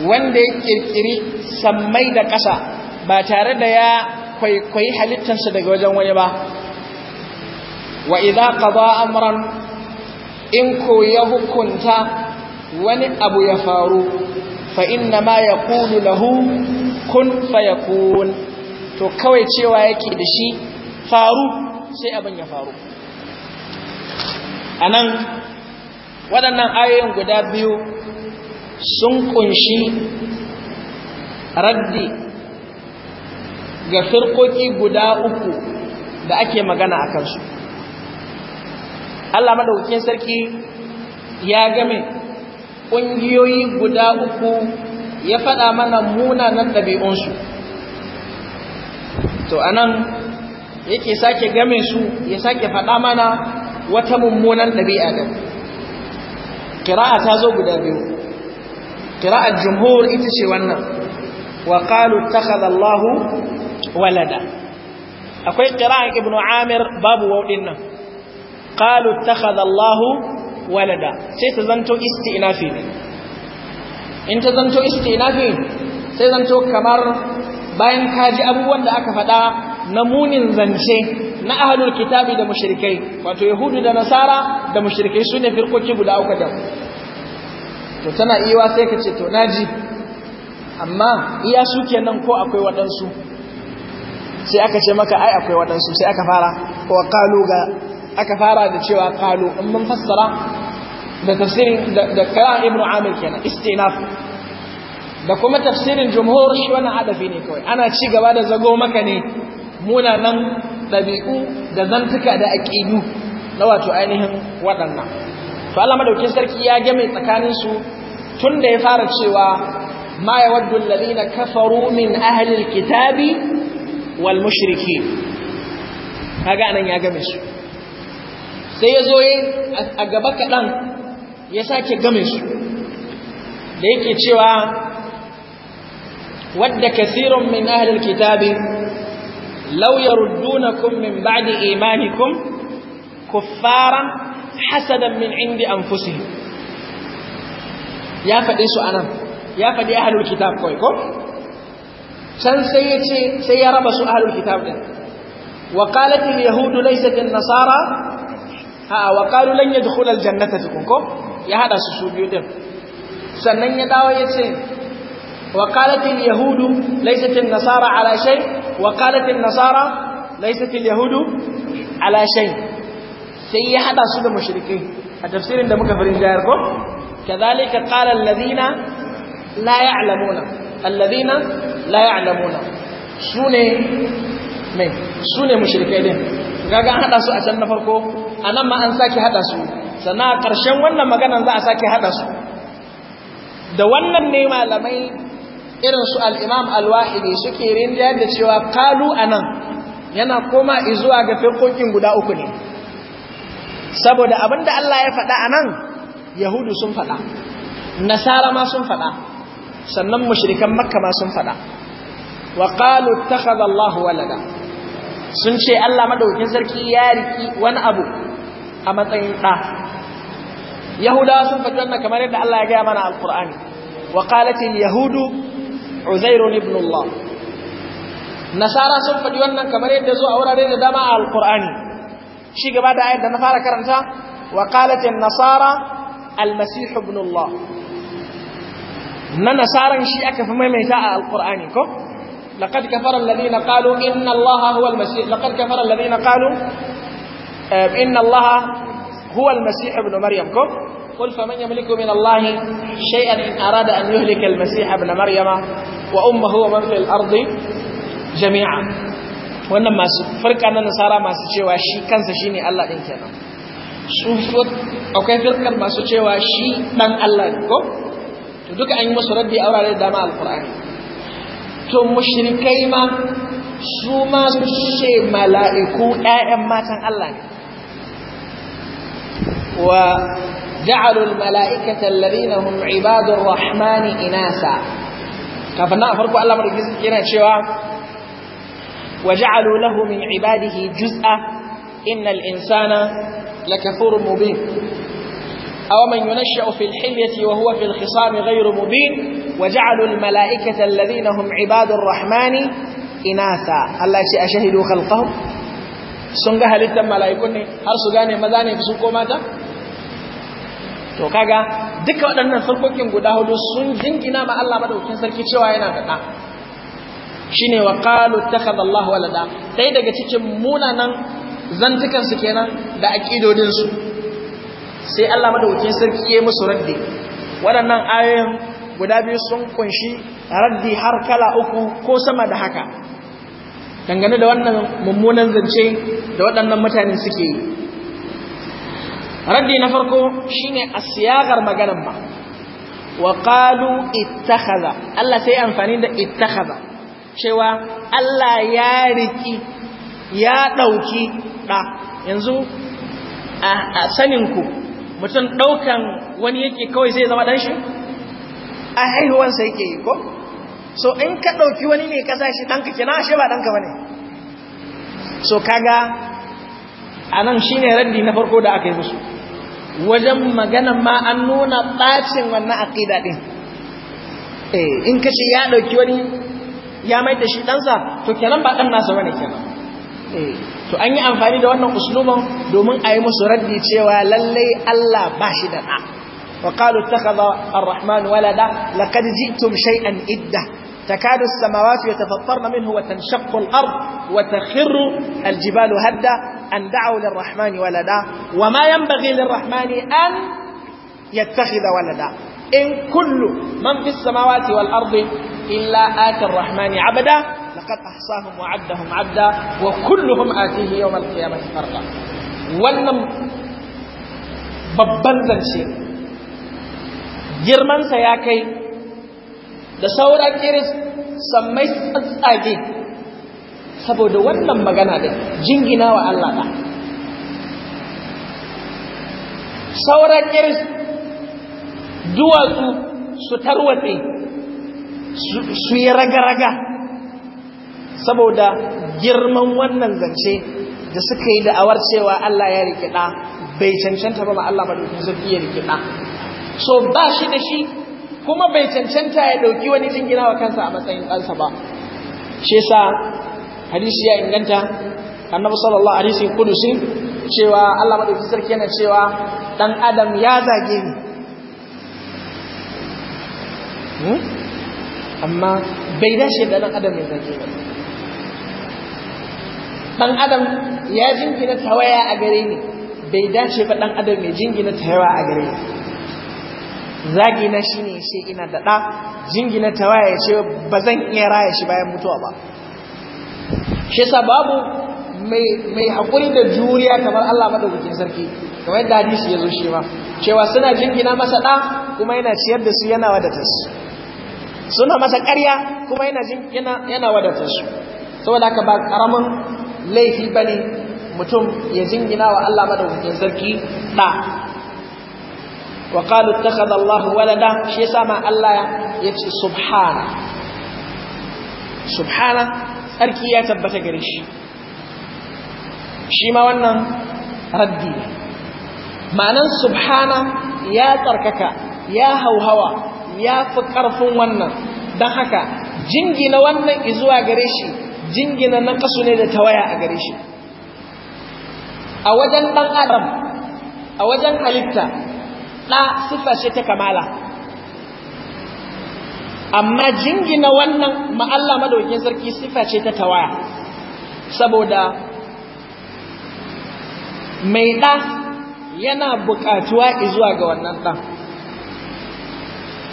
wanda ya kirkiri sammai da ƙasa ba tare da ya kwaikwayi halittarsa daga wajen wani ba wa idza qada amran in ko ya hukunta wani abu ya faru fa inna ma yaqulu lahu kun fayakun to kawai cewa yake da shi faru sai abin ya faru anan waɗannan ayoyin guda biyu sun kunshi raddi ga firkoki guda uku da ake magana a kansu Allah madaukakin sarki ya game ƙungiyoyi guda uku ya faɗa mana munanan ɗabi'unsu to anan yake sake game su ya sake faɗa mana wata mummunan ɗabi'a da kira'a ta zo guda biyu qira'ar jumhur ita ce wannan wa qalu ittakhadha Allahu walada akwai qira'ar ibnu amir babu wawdin nan qalu ittakhadha Allahu sai ta zanto isti'nafi in ta zanto isti'nafi sai zanto kamar bayan ka ji abubuwan da aka faɗa na munin zance na ahlul kitabi da mushrikai wato yahudu da nasara da mushrikai sune firkoki guda uku da to tana iya sai ka ce to naji amma iya su kenan ko akwai waɗansu sai aka ce maka ai akwai waɗansu sai aka fara wa kalu ga aka fara da cewa kalu in mun fassara da tafsirin da kalam ibn amir kenan istinaf da kuma tafsirin jumhur shi wannan adabi ne kawai ana ci gaba da zago maka ne nan ɗabi'u da zantuka da aƙidu na wato ainihin waɗannan to madaukin sarki ya game tsakanin su tun da ya fara cewa ma yawaddu alladhina kafaru min ahli alkitabi wal mushrikin kaga anan ya game su sai ya zo a gaba kaɗan ya sake game su da yake cewa wadda kasirun min ahlil kitabi law yaruddunakum min ba'di imanikum kuffaran hasadan min indi anfusihim ya faɗe su anan ya faɗi ahlul kitab kawai ko can sai ya ce sai ya raba su ahlul kitab din wa qalat Yahudu yahud laysat nasara ha wa qalu lan yadkhul al jannata tukun ko ya hada su su biyu din sannan ya dawo ya ce wa qalat al yahud laysat nasara ala shay wa qalat nasara laysat al yahud ala shay sai ya hada su da mushrikai a tafsirin da muka farin jayar ko kadhalika qala alladhina la ya'lamuna alladhina la ya'lamuna sune mai sune mushrikai din kaga an hada su a can na farko anan ma an saki hada su sannan a ƙarshen wannan maganan za a saki hada su da wannan ne malamai irin su al-imam al-wahidi suke rinjayar da cewa qalu anan yana koma izuwa ga fikokin guda uku ne saboda abinda Allah ya faɗa anan, yahudu sun faɗa nasara ma sun faɗa sannan mushrikan makka ma sun faɗa wa qalu ittakhadha Allahu walada sun ce Allah madaukakin sarki ya riki wani abu a matsayin ɗa yahudawa sun faɗi wannan kamar yadda Allah ya gaya mana alqur'ani wa qalat yahudu Uzairun ibn Allah Nasara sun faɗi wannan kamar yadda zo a wurare da dama a Alƙur'ani shi gaba da ayar da na fara karanta wa qalatin nasara almasih ibn allah na nasaran shi aka fi maimaita a alqur'ani ko laqad kafara alladhina qalu inna allaha huwa almasih laqad kafara alladhina qalu inna allaha huwa almasih ibn maryam ko قل فمن يملك من الله شيئا إن أراد أن يهلك المسيح ابن مريم وأمه ومن في الأرض جميعا wannan masu firka na nasara masu cewa shi kansa shi ne Allah ɗin kenan su akwai firkar masu cewa shi ɗan Allah ne ko to duka an yi masu raddi a wurare da dama alkur'ani to mushrikai ma su ma su ce mala'iku ƴaƴan matan Allah ne wa جعلوا الملائكة الذين هم عباد inasa, kafin كفنا farko Allah مرة جزء كنا cewa. وجعلوا له من عباده جزءا إن الإنسان لكفور مبين أو من ينشأ في الحلية وهو في الخصام غير مبين وجعلوا الملائكة الذين هم عباد الرحمن إناثا ألا أشهدوا خلقهم سنغا هلتا ملائكوني هل سغاني مذاني بسوكو ماتا to kaga duka waɗannan sarkokin guda hudu sun jingina ma Allah madaukakin sarki shine wa qalu takhadha Allahu walada sai daga cikin munanan zantukan su kenan da aqidodin su sai Allah madaukakin sarki ya musu raddi waɗannan ayoyin guda biyu sun kunshi raddi har kala uku ko sama da haka dangane da wannan mummunan zance da waɗannan mutane suke yi raddi na farko shine asiyagar maganar ba wa qalu ittakhadha Allah sai amfani da ittakhadha cewa Allah ya riki ya ɗauki ɗa yanzu a saninku mutum ɗaukan wani yake kawai zai zama ɗanshi a haihuwansa yake yi ko so in ka ɗauki wani ne ka sashi ɗanka kina shi ba ɗanka ba ne so kaga a nan shi ne raddi na farko da aka yi musu wajen magana ma an nuna ɓacin wannan aƙida ɗin eh, in ka ce ya ɗauki wani ya mai da shi ɗansa to kenan ba ɗan nasa bane kenan to an yi amfani da wannan usluban domin a yi musu raddi cewa lallai Allah ba shi da ɗa wa qalu ittakhadha ar-rahman walada laqad ji'tum shay'an idda تكاد السماوات يتفطرن منه وتنشق الأرض وتخر الجبال هدا أن دعوا للرحمن ولدا وما ينبغي للرحمن أن يتخذ ولدا إن كل من في السماوات والأرض illa atar rahmani abada laqad ahsahum wa addahum adda wa kulluhum atihi yawm al-qiyamati farda wannan babban zance girmansa ya kai da saura kiris sammai tsatsage saboda wannan magana da jingina wa Allah da. saura kiris duwatsu su tarwatse su yi raga-raga saboda girman wannan zance da suka yi da'awar cewa Allah ya rikida bai cancanta ba ma Allah ba dukkan zafi ya rikida so ba shi da shi kuma bai cancanta ya dauki wani jingina wa kansa a matsayin kansa ba shi sa hadisi ya inganta annabi sallallahu alaihi kudusi cewa Allah madaukakin sarki yana cewa dan adam ya zage ni hmm? amma bai dace da ɗan adam ya zage ba ɗan adam ya jingina tawaya a gare ni bai dace ba ɗan adam ya jingina tawaya a gare ni na shi ne shi ina da ɗa jingina tawaya ya ce ba zan iya raya shi bayan mutuwa ba shi sa babu mai haƙuri da juriya kamar Allah madaukakin sarki kamar yadda hadisi ya zo shi ma cewa suna jingina masa ɗa kuma yana ciyar da su yana wadatar su suna masa ƙarya kuma yana jin yana wadatar su saboda haka ba karamin laifi bane mutum ya jingina wa Allah madaukakin sarki da wa qalu ittakhadha Allah walada shi yasa ma Allah ya subhana subhana sarki ya tabbata gare shi shi ma wannan raddi ma'anan subhana ya tsarkaka ya hauhawa ya fi ƙarfin wannan don haka jingina wannan izuwa gare shi jingina na kasu ne da tawaya a gare shi a wajen ɗan adam a wajen halitta ɗa sifa ce ta kamala amma jingina wannan ma'alla madaukin sarki sifa ce ta tawaya saboda mai ɗa yana buƙatuwa izuwa ga wannan ɗan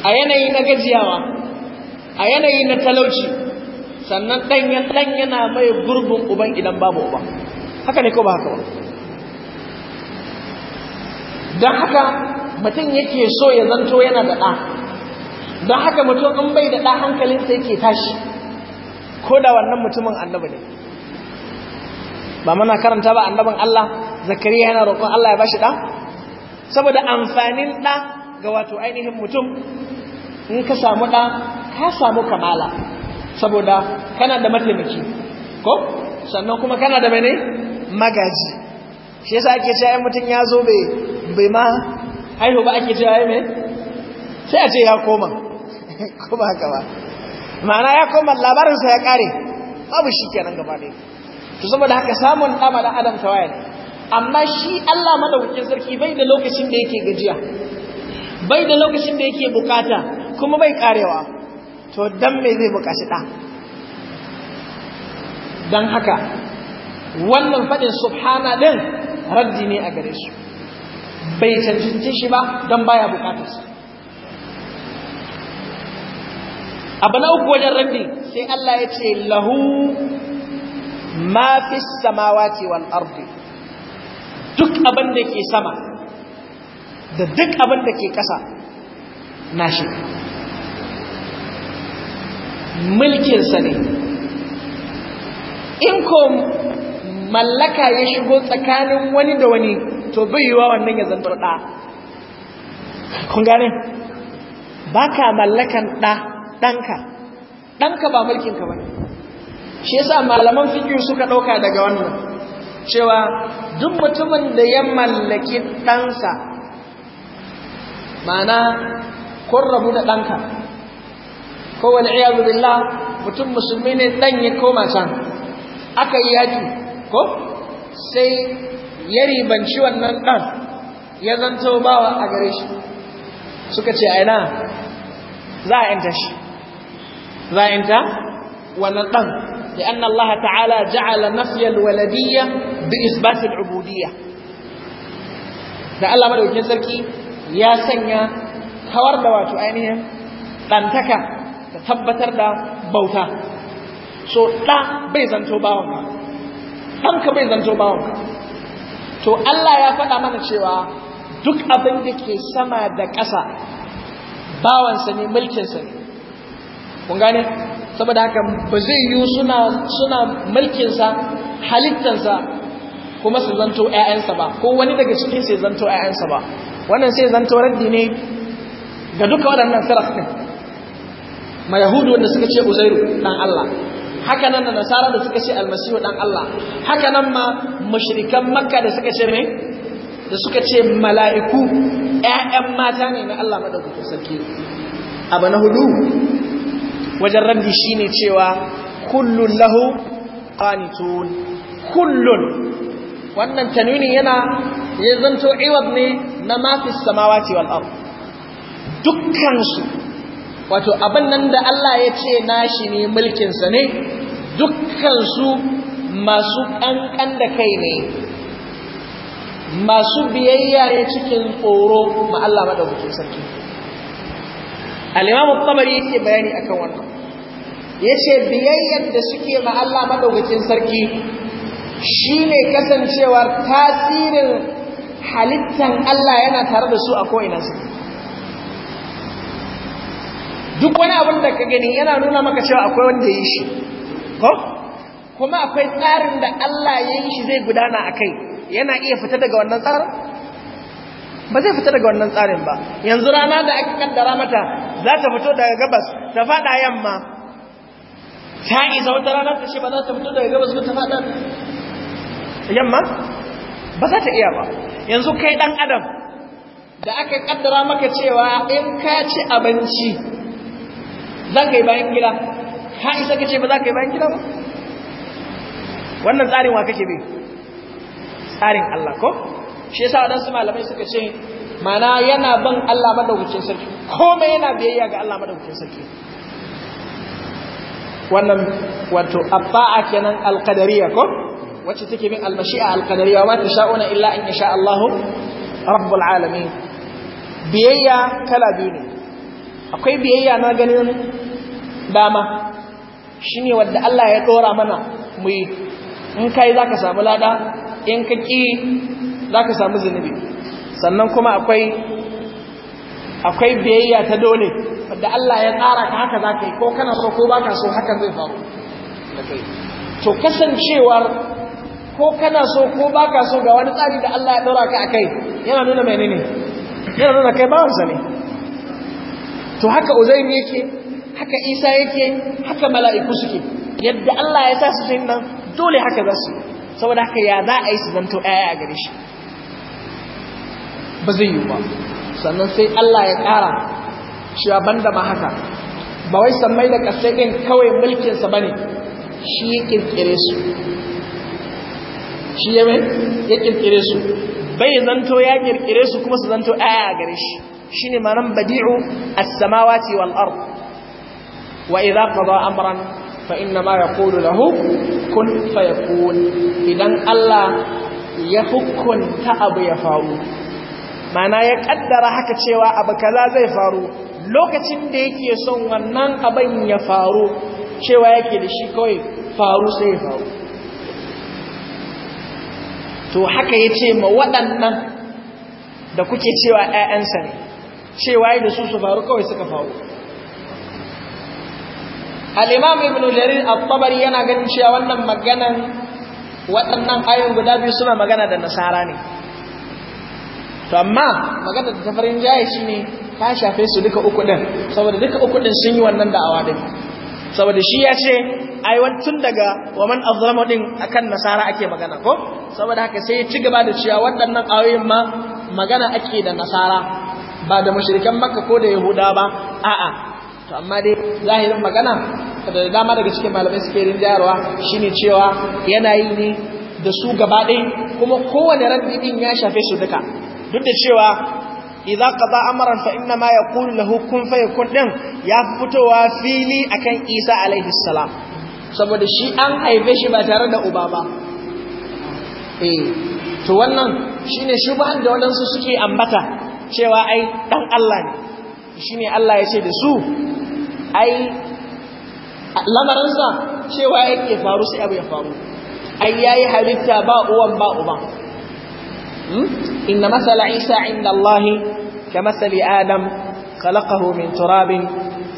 a yanayi na gajiyawa a yanayi na talauci sannan ɗanyen ɗan yana mai gurbin uban idan babu uba haka ne ko ba haka ba don haka mutum yake so ya zanto yana da ɗa don haka mutum in bai da ɗa sai ke tashi ko da wannan mutumin annabi ne ba mana karanta ba annabin Allah zakariya yana roƙon Allah ya bashi ɗa saboda amfanin ɗa ga wato ainihin mutum in ka samu ɗa ka samu kamala saboda kana da mataimaki ko sannan kuma kana da mene magaji shi yasa ake cewa 'yan mutum ya zo bai ma haihu ba ake cewa ai me sai a ce ya koma ko ba haka ba ma'ana ya koma labarinsa ya kare babu shi kenan gaba ɗaya to saboda haka samun ɗa da adam tawaya ne amma shi Allah madaukakin sarki bai da lokacin da yake gajiya bai da lokacin da yake bukata kuma bai karewa to dan me zai bukaci da don haka wannan fadin subhana ɗin raddi ne a gare shi bai cancanci shi ba dan baya bukatarsa abu na uku wajen rabbi sai Allah ya ce lahu ma fi samawati wal ardi duk abin da ke sama da duk abin da ke ƙasa nashi mulkinsa ne in ko mallaka ya shigo tsakanin wani da wani to bai yi wa wannan ya zantar ɗa kun gane ba ka mallakan ɗa ɗanka ɗanka ba mulkinka ba shi yasa malaman fikiyu suka ɗauka daga wannan cewa duk mutumin da ya mallaki ɗansa ma'ana kun rabu da ɗanka ko wal billah mutum musulmi ne dan ya koma can aka yi yaki ko sai ya ribanci wannan dan ya zanto bawa a gare shi suka ce aina za a yanta shi za a yanta wannan dan لأن ta'ala تعالى جعل waladiyya الولدية بإثبات العبودية da Allah madaukakin sarki ya sanya kawar da wato ainihin ɗantaka ta tabbatar da bauta so ɗa bai zanto bawanka ɗanka bai zanto bawanka to Allah ya faɗa mana cewa duk abin da ke sama da ƙasa bawansa ne mulkinsa ne kun gane saboda haka ba zai yi suna suna mulkinsa halittansa kuma su zanto ‘ya'yansa ba ko wani daga cikin sai zanto ‘ya'yansa ba wannan sai zanto raddi ne ga duka waɗannan sarrafin mayahudu wanda suka ce uzairu dan Allah haka nan da nasara da suka ce almasihu dan Allah haka nan ma mushrikan makka da suka ce me da suka ce mala'iku ƴaƴan mata ne na Allah madaukakin sarki abu na hudu wajen rabbi shine cewa kullun lahu qanitun kullun wannan tanwini yana ya zanto iwab ne na mafis samawati wal ard dukkan su wato abin nan da Allah ya ce nashi ne mulkinsa ne dukkansu masu ƙanƙan da kai ne masu biyayya ne cikin tsoro ma Allah maɗaukakin sarki al-imamu tabari yake bayani akan wannan yace biyayyar da suke ma Allah maɗaukakin sarki shine kasancewar tasirin halittan Allah yana tare da su a ko'inansu duk wani abin da ka gani yana nuna maka cewa akwai wanda ya yi shi ko kuma akwai tsarin da Allah ya yi shi zai gudana a kai yana iya fita daga wannan tsarin ba zai fita daga wannan tsarin ba yanzu rana da aka kaddara mata za ta fito daga gabas ta fada yamma ta isa wata rana ta ce ba za ta fito daga gabas ba ta fada yamma ba za ta iya ba yanzu kai dan adam da aka kaddara maka cewa in ka ci abinci za ka yi bayan gida Ha isa ka ce ba za ka yi bayan gida ba wannan tsarin wa kake bi tsarin Allah ko shi yasa waɗansu malamai suka ce mana yana ban Allah madaukakin sarki komai yana biyayya ga Allah madaukakin sarki wannan wato abba'a kenan alqadariya ko wacce take bin almashi'a alqadariya wa tasha'una illa in yasha Allahu rabbul alamin biyayya kala biyu ne akwai biyayya na ganin dama shine wadda Allah ya ɗora mana mu yi in kai ka samu lada in ka ƙi za ka samu zunubi sannan kuma akwai akwai biyayya ta dole wadda Allah ya tsara ka haka za ka yi ko kana so ko baka so hakan zai faru to kasancewar ko kana so ko baka so ga wani tsari da Allah ya dora ka kai yana nuna menene yana nuna kai bawansa ne to haka uzayim yake haka isa yake haka mala'iku suke yadda Allah ya sa su sai nan dole haka za su saboda haka ya za a yi su zanto 'aya a gare shi ba zai yi ba sannan sai Allah ya ƙara cewa banda ma haka ba wai mai da ƙasai ɗin kawai mulkinsa ba ne shi ya ƙirƙire su shi ya ƙirƙire su bai zanto ya ƙirƙire su kuma su zanto 'aya a gare shi shine manan badi'u as-samawati wal ard wa idza qada amran fa inna ma yaqulu lahu kun fayakun idan Allah ya hukunta abu ya faru mana ya kaddara haka cewa abu kaza zai faru lokacin da yake son wannan abin ya faru cewa yake da shi kawai faru sai faru to haka ya ce ma waɗannan da kuke cewa ‘ya'yansa ne cewa da su su faru kawai suka faru al’imam ibn jarir al tabari yana ganin cewa wannan maganan waɗannan ayoyin guda biyu suna magana da nasara ne to amma magana da tafarin jaye ne ta shafe su duka uku ɗin, saboda duka uku ɗin sun yi wannan da'awa ɗin. saboda shi ya ce ai daga waman azlamu ɗin akan nasara ake magana ko saboda haka sai ya ci gaba da cewa waɗannan ayoyin ma magana ake da nasara ba da mashirikan makka ko da yahuda ba a'a to amma dai zahirin magana da dama daga cikin malamai suke rinjayarwa shine cewa yanayi yi ne da su gaba ɗaya kuma kowane raddi din ya shafe su duka duk da cewa idza qada amran fa inna ma yaqulu lahu kun fayakun din ya fitowa fili akan Isa alaihi salam saboda shi an haife shi ba tare da uba ba eh to wannan shine shubhan da wadansu suke ambata cewa ai dan Allah ne Allah ya ce da su ai lamarinsa cewa yake faru sai abu ya faru ai yayi halitta ba uwan ba uban hmm? inna masala isa inda Allah ka masali adam kalakahu min turabin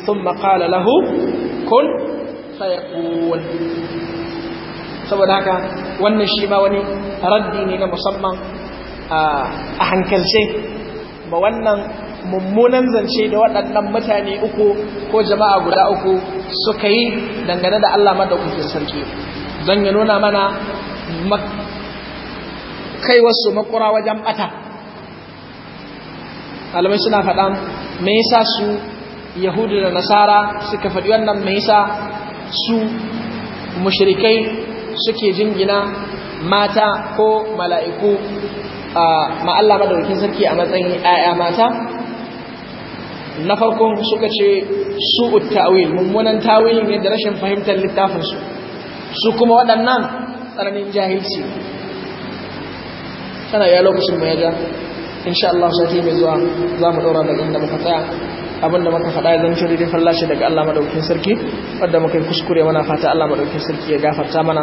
sun qala lahu kun fayakun saboda haka wannan shi ma wani raddi ne na musamman ah, a hankalce ma wannan mummunan zance da waɗannan mutane uku ko jama'a guda uku suka yi dangane da Allah madaukakin sarki don ya nuna mana kai wasu makura wajen ɓata. alamai suna faɗan me yasa su yahudu da nasara suka faɗi wannan mai yasa su mushrikai suke jingina mata ko mala'iku ma Allah sarki a matsayin ƴaƴa mata na farkon suka ce su ta'wil mummunan tawilin yadda rashin fahimtar littafinsu, su kuma waɗannan tsananin jahilci tana ya lokacin mai ja insha Allah sati mai zuwa za mu ɗora daga inda muka tsaya abinda muka faɗa ya zama shirin fallashi daga Allah madaukin sarki wadda muka yi kuskure mana fata Allah madaukin sarki ya gafarta mana